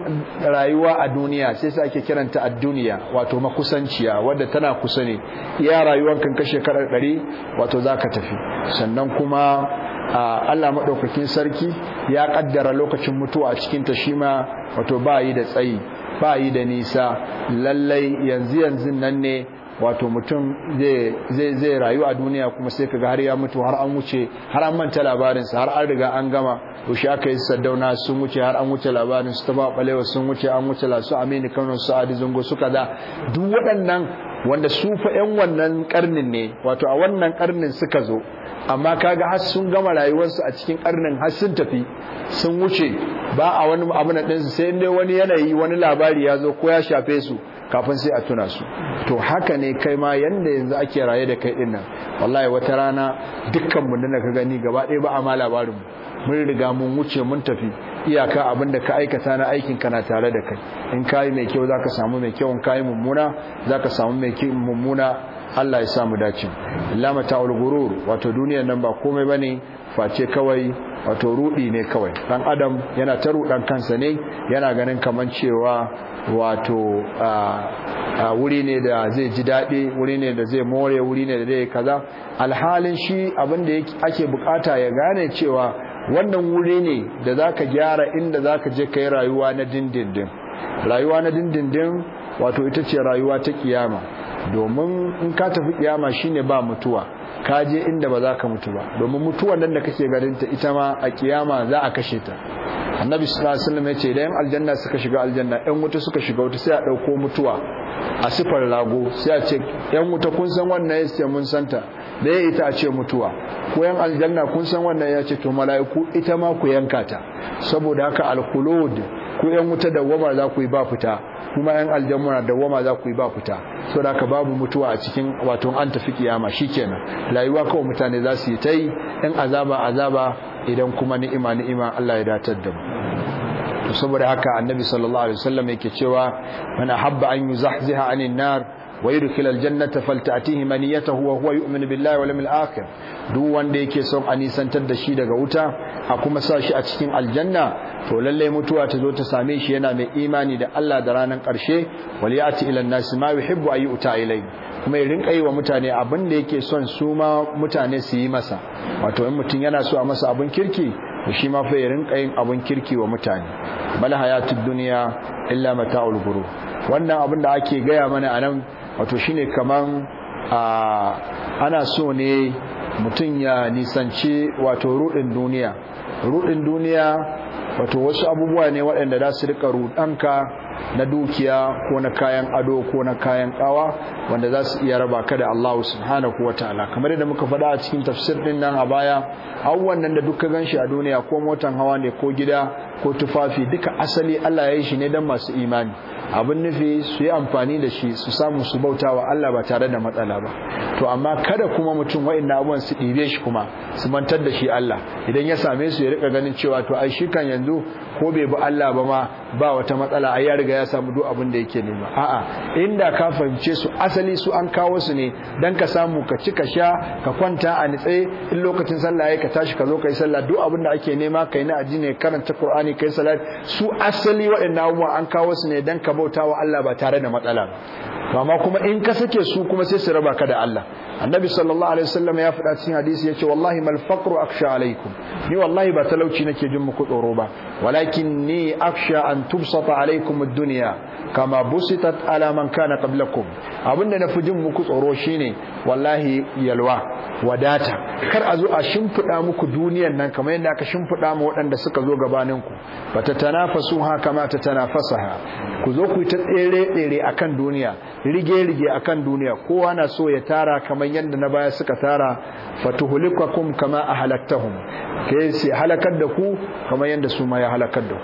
rayuwa a duniya sai sa ake kiranta adduniya wato makusanciya wadda tana kusa ne iya rayuwar kan kashe karar ɗari wato za ka tafi sannan kuma Allah maɗaukakin sarki ya ƙaddara lokacin mutuwa a cikin ta wato ba yi da tsayi ba yi da nisa lallai yanzu yanzu nan ne wato mutum zai rayu a duniya kuma sai kaga har ya mutu har an wuce har an manta labarinsa har an riga an gama to shi aka yi saddauna sun wuce har an wuce labarin su ta ba balewa sun wuce an wuce lasu Aminu kano su adi zungo su kaza duk waɗannan wanda su fa yan wannan karnin ne wato a wannan karnin suka zo amma kaga har sun gama rayuwarsu a cikin karnin har sun tafi sun wuce ba a wani abu na ɗinsu sai dai wani yanayi wani labari ya zo ko ya shafe su kafin sai a tuna su to haka ne kai ma yanda yanzu ake raye da kai dinnan wallahi wata rana dukkan na da ka gani gaba ɗaya ba a ma labarin mu mun riga mun wuce mun tafi iyaka abin da ka aikata na aikin kana tare da kai in kai mai kyau zaka samu mai kyau in kai mummuna zaka samu mai kyau mummuna Allah ya sa mu dace lamata ul gurur wato duniyar nan ba komai bane face kawai wato rudi ne kawai dan adam yana ta rudan kansa ne yana ganin kaman cewa wato wuri ne da zai ji daɗi wuri ne da zai more wuri ne da zai kaza alhalin shi abin da ake bukata ya gane cewa wannan wuri ne da zaka gyara inda zaka je kai rayuwa na dindindin rayuwa na dindindin wato ita ce rayuwa ta kiyama domin in ka tafi kiyama shine ba mutuwa ka je inda ba za ka mutu ba domin mutuwan nan da kake garin ta ita ma a kiyama za a kashe ta annabi sallallahu alaihi wasallam yace idan aljanna suka shiga aljanna ɗan wuta suka shiga wuta sai a dauko mutuwa a sifar rago sai a ce ɗan wuta kun san wannan ya ce mun santa da ya ita a ce mutuwa ko yan aljanna kun san wannan ya ce to mala'iku ita ma ku yanka ta saboda haka alkhulud ku yan wuta dawwama za ku yi ba fita kuma yan da wama za ku yi ba fita da haka babu mutuwa a cikin wato an tafi kiyama shi kenan layuwa kawai mutane za su yi ta yi yan azaba azaba idan kuma ni'ima ni'ima Allah ya datar da mu saboda haka annabi sallallahu alaihi wasallam yake cewa man habba an yuzahziha anin nar ويدخل الجنة فلتأتيه منيته وهو يؤمن بالله واليوم الآخر duk wanda yake son a nisantar da shi daga wuta a kuma sa shi a cikin aljanna to lallai mutuwa ta zo ta same shi yana mai imani da Allah da ranar karshe. wal ya'ti ila an-nas ma yuhibbu ay yu'ta ilai? kuma ya rinka wa mutane abinda da yake son su ma mutane su yi masa wato in mutum yana so a masa abin kirki shi ma fa ya rinka yin abin kirki wa mutane bal hayatud dunya illa mata'ul ghurur wannan abin da ake gaya mana anan wato shine kaman ana so ne mutum ya nisanci wato rudin duniya rudin duniya wato wasu abubuwa ne waɗanda za su rika rudanka na dukiya ko na kayan ado ko na kayan kawa wanda za su iya raba ka da Allah subhanahu ta'ala. kamar yadda muka faɗa a cikin tafsir din nan a baya awwan nan da duka ganshi a duniya ko motan hawa ne ko gida ko tufafi duka asali Allah ya yi shi ne dan masu imani abin nufi su yi amfani da shi su samu su bauta wa Allah ba tare da matsala ba to amma kada kuma mutum wa'annan abuwan su ɗibe shi kuma su mantar da shi Allah idan ya same su ya rika ganin cewa to ai shi kan yanzu ko bai bi Allah ba ma ba wata matsala a ya riga ya samu duk abin da yake nema a'a inda ka fahimce su asali su an kawo su ne dan ka samu ka ci ka sha ka kwanta a nitse in lokacin sallah ka tashi ka zo kai sallah duk abin da ake nema kai na addini karanta Qur'ani kai salat su asali waɗannan abubuwa an kawo su ne dan ka bautawa Allah ba tare da matsala ba amma kuma in ka sake su kuma sai su raba ka da Allah annabi sallallahu alaihi wasallam ya faɗa cikin hadisi yace wallahi mal faqru akhsha alaikum ni wallahi ba talauci nake jin muku tsoro ba walakin ni akhsha an tubsata alaikum ad-dunya kama busitat ala man kana qablakum abinda nafi jin muku tsoro shine wallahi yalwa wadata kar a zo a shimfida muku duniyan nan kamar yadda aka shimfida mu waɗanda suka zo gabanin ku bata tanafasuha kama ta tanafasaha ku zo ku yi ta tsere tsere akan duniya rige rige akan duniya kowa na so ya tara kamar yadda na baya suka tara fatuhlikakum kama ahlaktahum kai sai halakar da ku kamar yadda su ma ya halakar da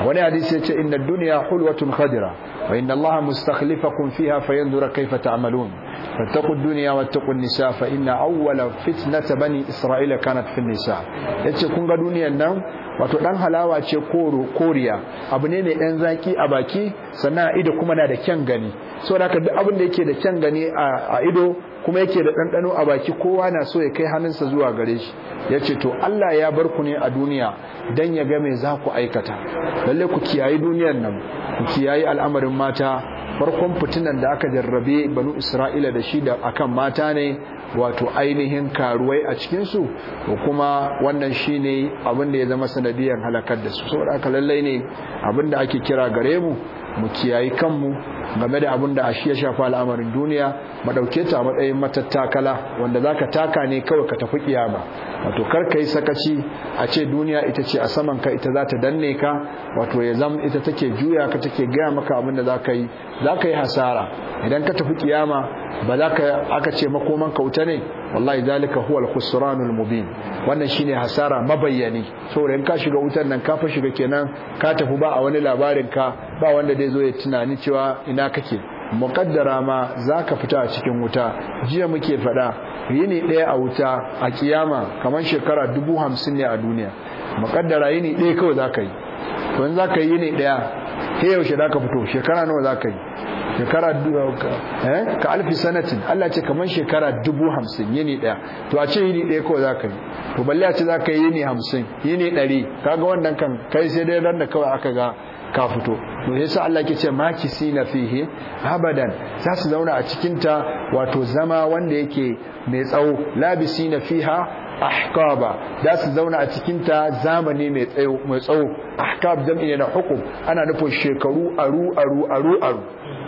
ku wani hadisi ce inna duniya hulwatun khadira wa inna allaha mustakhlifakum fiha fayanzura kayfa ta'malun fattaqu ad-dunya wattaqu an-nisa fa inna awwala fitnata bani isra'ila kanat fi an-nisa yace kun ga duniyar nan wato dan halawa ce koro koriya abu ne ne dan zaki a baki sannan ido kuma na da kyan gani saboda haka duk abin da yake da kyan gani a ido kuma yake da ɗanɗano a baki kowa na so ya kai hannunsa zuwa gare shi ya ce to Allah ya bar ku ne a duniya don ya ga mai za ku aikata lalle ku kiyayi duniyar nan ku kiyayi al'amarin mata farkon fitinan da aka jarrabe banu isra'ila da shi da akan mata ne wato ainihin karuwai a cikinsu kuma wannan shi ne abin da ya zama sanadiyar halakar da su saboda aka lallai ne abin da ake kira gare mu mu kiyayi kanmu game da abin da a shi ya shafa al'amarin duniya mu ɗauke ta matsayin matattakala wanda za ka taka ne kawai ka tafi kiyama wato kar ka yi sakaci a ce duniya ita ce a saman ka ita za ta danne ka wato ya zama ita take juya ka take gaya maka abin da za ka yi za ka yi hasara idan ka tafi kiyama ba za ka aka ce makoman ka wuta ne wallahi zalika huwa al-khusranul mubin wannan shine hasara mabayyani saboda in ka shiga wutan nan ka fa shiga kenan ka tafi ba a wani labarin ka ba wanda dai zo ya tunani cewa ina kake muqaddara ma zaka fita a cikin wuta jiya muke fada yini daya a wuta a kiyama kamar shekara dubu hamsin ne a duniya muqaddara yini daya kawai zaka yi to in zaka yi yini daya sai yaushe zaka fito shekara nawa zaka yi shekara eh ka alfi sanatin Allah ce kamar shekara dubu hamsin yini daya to a ce yini daya kawai zaka yi to balle a ce zaka yi yini hamsin yini 100 kaga wannan kan kai sai dai ran da kawai aka ga ka fito to yasa Allah ke ce makisina fihi abadan za su zauna a cikin ta wato zama wanda yake mai tsawo labisina fiha ahqaba za su zauna a cikin ta zamani mai tsawo mai tsawo ahqab jam'i ne na hukum ana nufin shekaru aru aru aru aru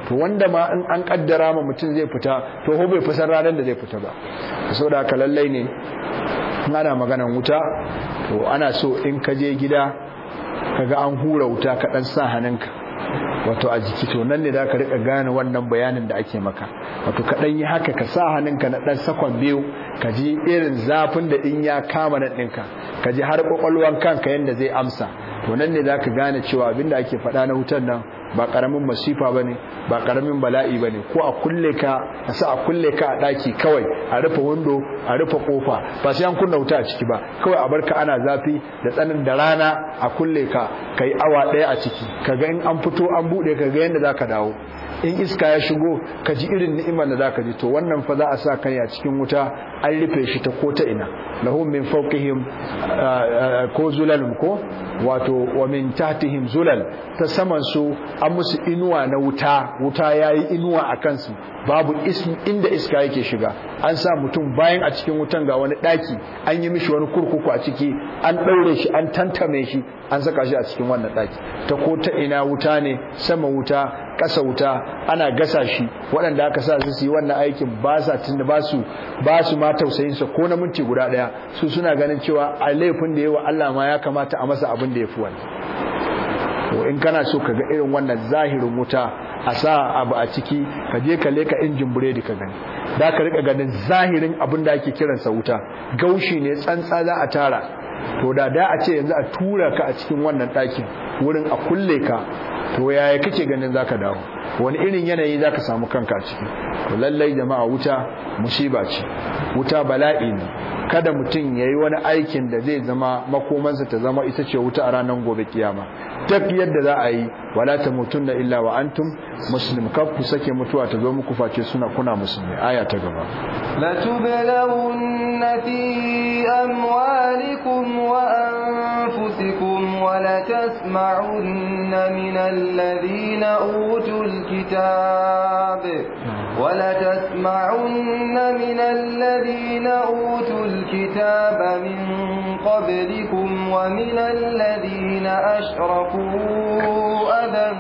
to wanda ma in an kaddara ma mutum zai fita to ho bai fisan ranar da zai fita ba saboda ka lallai ne ana maganan wuta to ana so in ka je gida kaga an hura wuta ka dan sa hannunka wato a jiki to nan ne zaka rika gane wannan bayanin da ake maka wato ka dan yi haka ka sa hannunka na dan sakon biyu ka ji irin zafin da din ya kama nan ɗinka ka ji har kwakwalwan kanka yadda zai amsa to nan ne zaka gane cewa abinda ake faɗa na wutan nan ba karamin masifa ba ne ba karamin bala'i ba ne ko a kulle ka a sa a kulle ka a daki kawai a rufe wando a rufe ƙofa ba sai an kunna wuta a ciki ba kawai a barka ana zafi da tsanin da rana a kulle ka kai awa ɗaya a ciki kaga in an fito an bude yadda za ka dawo in iska ya shigo ka ji irin ni'imar da ka ji to wannan fa za a sa kai a cikin wuta an rufe shi ta kota ina lahum min fawqihim ah, ah, ko zulalun ko wato wa min tahtihim zulal ta saman su an musu inuwa na wuta wuta yayi inuwa a kansu babu inda iska yake shiga an sa mutum bayan a cikin wutan ga wani daki an yi mishi wani kurkuku a ciki an daure shi an tantame shi an saka shi a cikin wannan daki ta ko ina wuta ne sama wuta kasauta ana gasa shi waɗanda aka sa su yi wannan aikin ba sa tunda ba su ba su ma tausayin sa ko na minti guda daya su suna ganin cewa a laifin da yawa Allah ma ya kamata a masa abin da ya fi wani. to in kana so ka ga irin wannan zahirin wuta a sa abu a ciki ka je ka leka injin buredi ka gani da ka rika ganin zahirin abin da ake kiransa wuta gaushi ne tsantsa za a tara to da da a ce yanzu a tura ka a cikin wannan ɗakin wurin a kulle ka to yaya kake ganin zaka dawo wani irin yanayi za ka samu kanka ciki lallai jama'a wuta musiba ce wuta bala'i ne kada mutum ya yi wani aikin da zai zama makomansa ta zama ita ce wuta a ranar gobe kiyama duk yadda za a yi wala ta mutum na illa wa antum muslim kaf sake mutuwa ta zo muku face suna kuna musulmi aya ta gaba la tublawunna fi amwalikum wa anfus ربكم ولتسمعن من الذين أوتوا الكتاب نعم. ولتسمعن من الذين أوتوا الكتاب من قبلكم ومن الذين أشركوا أذى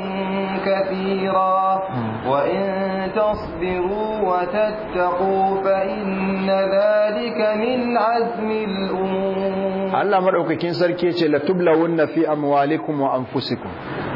كثيرا نعم. وإن تصبروا وتتقوا فإن ذلك من عزم الأمور Allah madaukakin sarki yace la tublawunna fi amwalikum wa anfusikum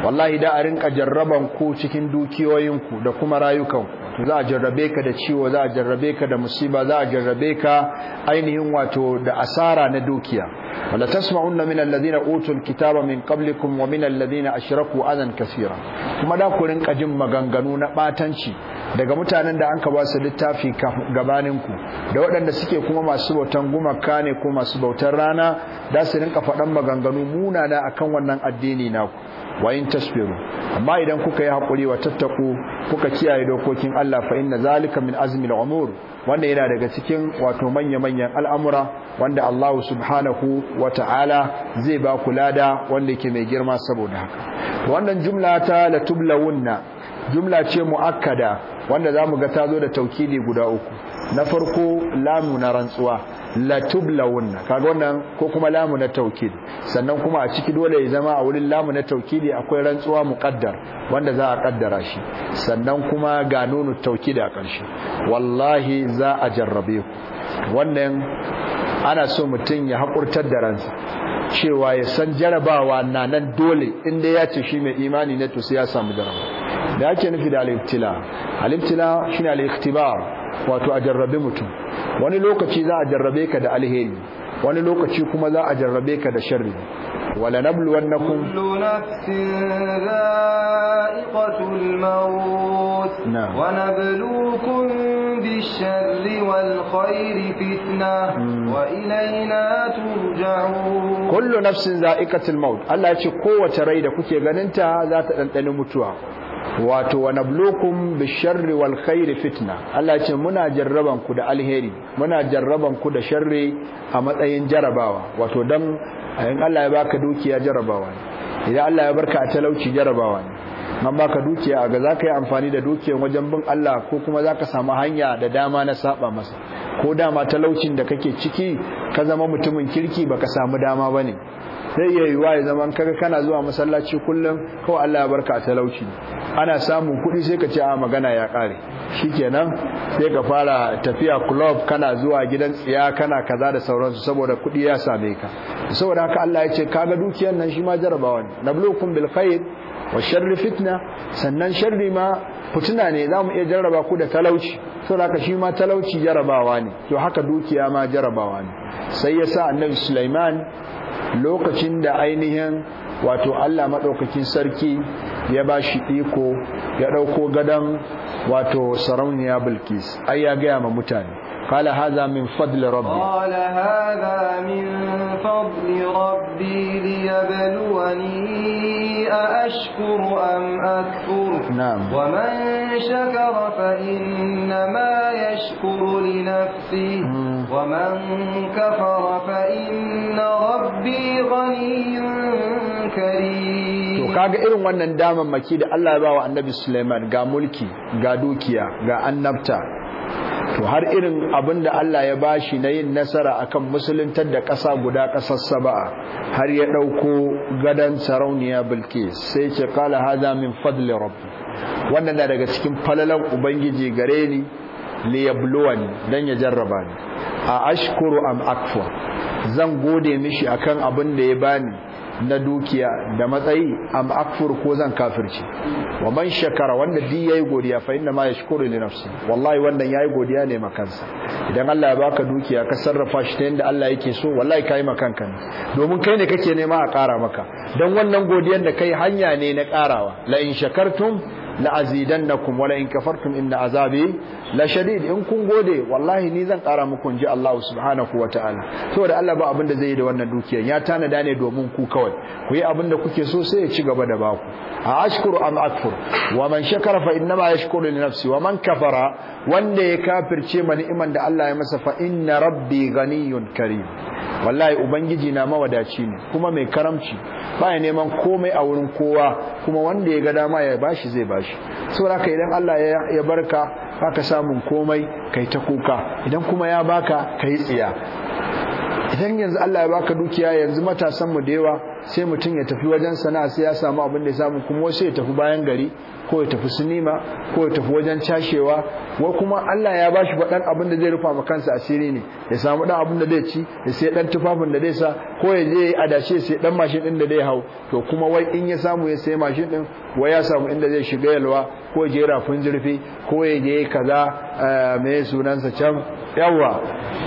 wallahi da a rinka jarraban ku cikin dukiyoyinku da kuma rayukanku za a jarrabe ka da ciwo za a jarrabe ka da musiba za a jarrabe ka ainihin wato da asara na dukiya wala tasma'unna min alladhina utul kitaba min qablikum wa min alladhina ashraku adan kaseera kuma da ku rinka jin maganganu na batanci daga mutanen da anka ba su littafi gabanin ku da waɗanda suke kuma masu bautan gumaka ne ko masu bautan rana da su rinka faɗan maganganu munana akan wannan addini naku wa in tasbiru amma idan kuka yi hakuri wa tattaku kuka kiyaye dokokin Allah fa inna zalika min azmi al-umur wanda yana daga cikin wato manya-manyan al'amura wanda Allah subhanahu wa ta'ala zai ba kula da wanda ke mai girma saboda haka wannan jumla ta la tublawunna jumla ce muakkada wanda zamu ga ta zo da taukidi guda uku na farko lamu na rantsuwa la tublawunna kaga wannan ko kuma lamu na taukid sannan kuma a ciki dole ya zama a wurin lamu na taukidi akwai rantsuwa muqaddar wanda za a kaddara shi sannan kuma ga nunu taukidi a ƙarshe wallahi za a jarrabe ku wannan ana so mutum ya haƙurtar da ransa cewa ya san jarabawa na nan dole inda ya ce shi mai imani ne to sai ya samu jarabawa da ake nufi da al-ibtila al-ibtila shine al-ikhtibar wato a jarrabe mutum wani lokaci za a jarrabe ka da alheri wani lokaci kuma za a jarrabe ka da sharri wala nabluwannakum kullu nafsin dha'iqatul maut wa nabluukum bish-sharri wal khairi fitna hmm. wa ilayna turja'un kullu nafsin dha'iqatul maut Allah ya ce kowace rai da kuke ganinta za ta dandane mutuwa wato wa nablukum sharri wal khairi fitna Allah ce muna jarraban ku da alheri muna jarraban ku da sharri a matsayin jarabawa wato dan in Allah ya baka dukiya jarabawa ne idan Allah ya barka a talauci jarabawa ne an baka dukiya a ga zaka yi amfani da dukiyar wajen bin Allah ko kuma zaka samu hanya da dama na saba masa ko dama talaucin da kake ciki ka zama mutumin kirki baka samu dama bane zai ya yiwa ya zama kaga kana zuwa masallaci kullum kawai Allah ya barka a talauci ana samun kuɗi sai ka ce a magana ya ƙare shikenan sai ka fara tafiya club kana zuwa gidan tsiya kana kaza da sauransu saboda kuɗi ya same ka saboda haka Allah ya ce kaga dukiyar nan shi ma jarabawa ne nablukum bil khair wa sharri fitna sannan sharri ma fitna ne za mu iya jarraba ku da talauci saboda haka shi ma talauci jarabawa ne to haka dukiya ma jarabawa ne sai ya sa annabi Sulaiman lokacin da ainihin wato Allah maɗaukakin sarki ya ba shi iko ya ɗauko gadon wato sarauniya bilkis ai ya gaya ma mutane قال هذا من فضل ربي قال هذا من فضل ربي ليبلوني أأشكر أم أكفر نعم ومن شكر فإنما يشكر لنفسه ومن كفر فإن ربي غني كريم kaga irin wannan damammaki da Allah ya bawa Annabi Sulaiman ga mulki ga dukiya ga annabta to har irin abin da Allah ya bashi na yin nasara akan musuluntar da ƙasa guda ƙasar saba'a har ya ɗauko gadon sarauniya bilki sai ce kala haza min fadli rabbi wannan na daga cikin falalan ubangiji gare ni yabluwani dan ya jarraba ni a ashkuru am akfur zan gode mishi akan abin da ya bani na dukiya da matsayi am akfur ko zan kafirci wa man shakara wanda di yayi godiya fa inna ma yashkuru li nafsi wallahi wannan yayi godiya ne makansa idan Allah ya baka dukiya ka sarrafa shi ta yanda Allah yake so wallahi kai ma kanka ne domin kai ne kake nema a kara maka don wannan godiyar da kai hanya ne na karawa la in shakartum la'azidannakum wala in kafartum inna azabi lashadid in kun gode wallahi ni zan kara muku inji Allah subhanahu wataala saboda Allah ba abin da zai yi da wannan dukiya ya tanada ne domin ku kawai ku yi abin da kuke so sai ya ci gaba da baku a ashkuru am akfur wa man shakara fa inna ma yashkuru li nafsi wa man kafara wanda ya kafirce ma ni'iman da Allah ya masa fa inna rabbi ganiyyun karim wallahi ubangiji na mawadaci ne kuma mai karamci Ba ya neman komai a wurin kowa kuma wanda ya ga dama ya bashi zai bashi shi saboda haka idan Allah ya barka ka samun komai kai ta kuka idan kuma ya baka kai tsiya idan yanzu Allah ya baka dukiya yanzu matasan mu da yawa sai mutum ya tafi wajen sana'a sai ya samu abin da ya samu kuma wasu ya tafi bayan gari ko ya tafi sinima ko ya tafi wajen cashewa wai kuma Allah ya bashi fa dan abin da zai rufa ma kansa asiri ne ya samu dan abin da zai ci ya sai dan tufafin da zai sa ko ya je adashe sai dan mashin din da zai hau to kuma wai in ya samu ya sai mashin ɗin wai ya samu inda zai shiga yalwa ko ya je rafin zurfi ko ya je kaza eh, mai sunansa can yawa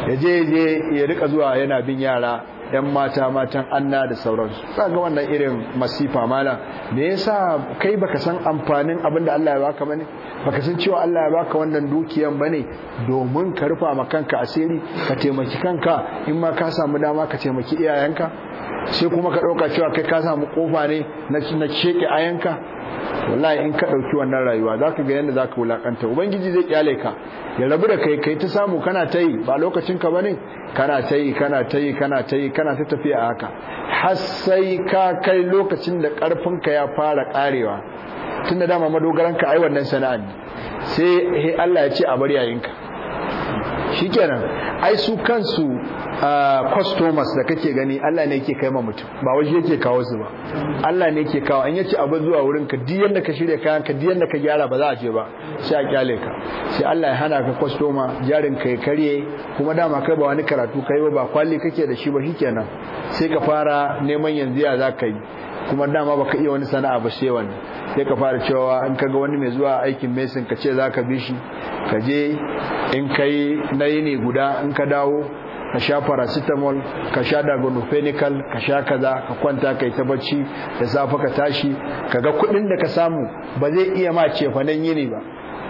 ya je ya rika zuwa yana bin yara yan mata matan anna da sauransu ga wannan irin masifa malam me yasa kai baka san amfanin abin da Allah ya baka bane baka san cewa Allah ya baka wannan dukiyan bane domin ka rufa ma kanka asiri ka taimaki kanka in ma ka samu dama ka taimaki iyayenka sai kuma ka dauka cewa kai ka samu kofa ne na sheke ayanka wallahi in ka dauki wannan rayuwa zaka ga za ka wulakanta ubangiji zai kyale ka ya rabu da kai kai ta samu kana ta yi ba lokacin ka bane kana ta yi kana ta yi kana ta yi kana ta tafiya a haka har sai ka kai lokacin da karfin ka ya fara karewa tunda dama madogaran ka ai wannan sana'a ne sai Allah ya ce a bar yayin ka shikenan ai su kansu customers da kake gani Allah ne yake kai ma mutum ba waje yake kawo su ba Allah ne yake kawo an yace abu zuwa wurin ka duk yanda ka shirya kayan ka duk yanda ka gyara ba za a je ba sai a kyale ka sai Allah ya hana ka customer jarin ka ya karye kuma dama kai ba wani karatu kai ba ba kwali kake da shi ba shikenan sai ka fara neman yanzu ya za ka yi kuma dama baka iya wani sana'a ba sai wani sai ka fara cewa in kaga wani mai zuwa aikin mesin ka ce zaka bi shi ka je in kai nayi ne guda in ka dawo ka sha paracetamol ka sha dagolofenical ka sha kaza ka kwanta kai ta bacci da safe ka tashi kaga kuɗin da ka samu ba zai iya ma nan yini ba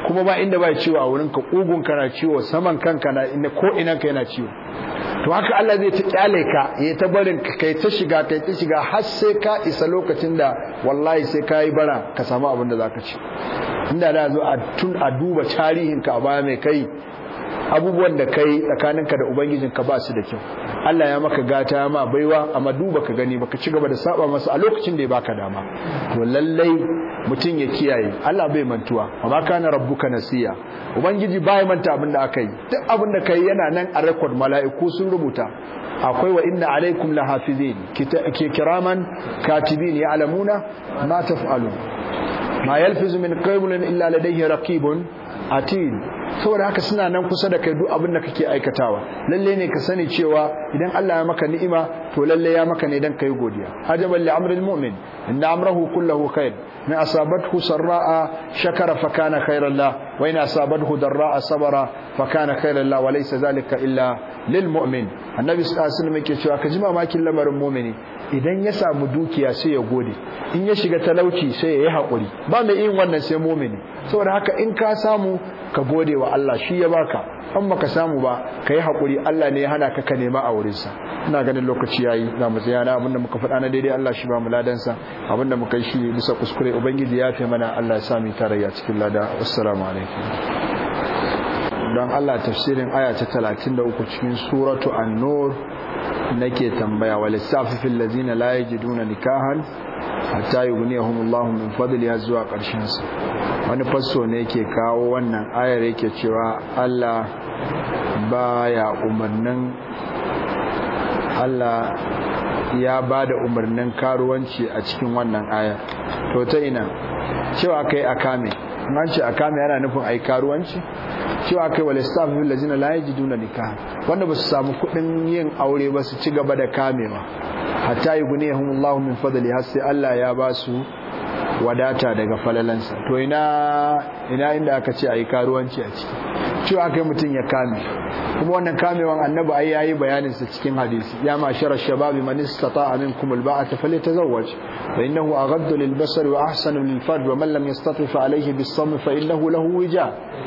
kuma ba inda ba ciwo a wurin ka kugun kana ciwo saman kanka na inda ko ina ka yana ciwo to haka Allah zai ta kyale ka ya ta barin ka kai ta shiga kai ta shiga har sai ka isa lokacin da wallahi sai ka yi bara ka samu abin da zaka ci inda da zo a tun a duba tarihin ka a baya mai kai abubuwan da kai tsakaninka da ubangijinka ba su da kyau Allah ya maka gata ma baiwa amma duba ka gani baka ci gaba da saba masa a lokacin da ya baka dama to lallai mutum ya kiyaye Allah bai mantuwa amma kana rabbuka nasiya ubangiji bai manta abin da aka yi duk abin da kai yana nan a record mala'iku sun rubuta akwai wa inna alaikum lahafizin kiraman katibin ya'lamuna ma taf'alun ma yalfizu min qawlin illa ladayhi raqibun atid saboda haka suna nan kusa da kai duk abin da kake aikatawa lalle ne ka sani cewa idan Allah ya maka ni'ima to lalle ya maka ne dan kai godiya ajaban li amril mu'min inna amrahu kulluhu khair ma asabathu sarra'a shakara fa kana khairan la وإن أصابته ضراء صبر فكان خيرا له وليس ذلك zalika illa lil mumin الله عليه وسلم yake cewa ka ji makin lamarin mumini idan ya samu dukiya sai ya gode in ya shiga talauci sai ya yi haƙuri ba mai yin wannan sai mumini saboda haka in ka samu ka gode wa Allah shi ya baka an baka samu ba ka yi haƙuri Allah ne ya hana ka ka nema a wurinsa ina ganin lokaci ya yi za mu tsaya na abinda muka faɗa na daidai Allah shi ba mu ladansa abinda muka yi shi bisa kuskure ubangiji ya fi mana Allah ya sa mu tarayya cikin lada assalamu alaikum don Allah tafsirin aya ta 33 cikin suratu an-nur nake tambaya wa lissafi fil lazina ji duna nikahan hatta yughniyahumullahu min fadli ya zuwa ƙarshensu wani faso ne ke kawo wannan ayar yake cewa Allah ya umarnin Allah ya ba da umarnin karuwanci a cikin wannan ayar. to ta ina cewa kai a kame an ce a kama yana nufin aikaruwanci karuwanci cewa kai wa istafu lazina ji duna nikah wanda ba su samu kuɗin yin aure ba su ci gaba da kamewa hatta yi Allah min fadli har sai Allah ya ba su wadata daga falalansa to ina inda aka ce yi karuwanci a ciki cewa kai mutun ya kame kuma wannan kamewan annabi ai yayi bayanin sa cikin hadisi ya ma ma'shara shababi man istata'a minkum alba'ata falyatazawwaj fa innahu aghaddu lilbasari wa ahsanu lilfard wa man lam yastati fa alayhi bis sam fa innahu lahu wija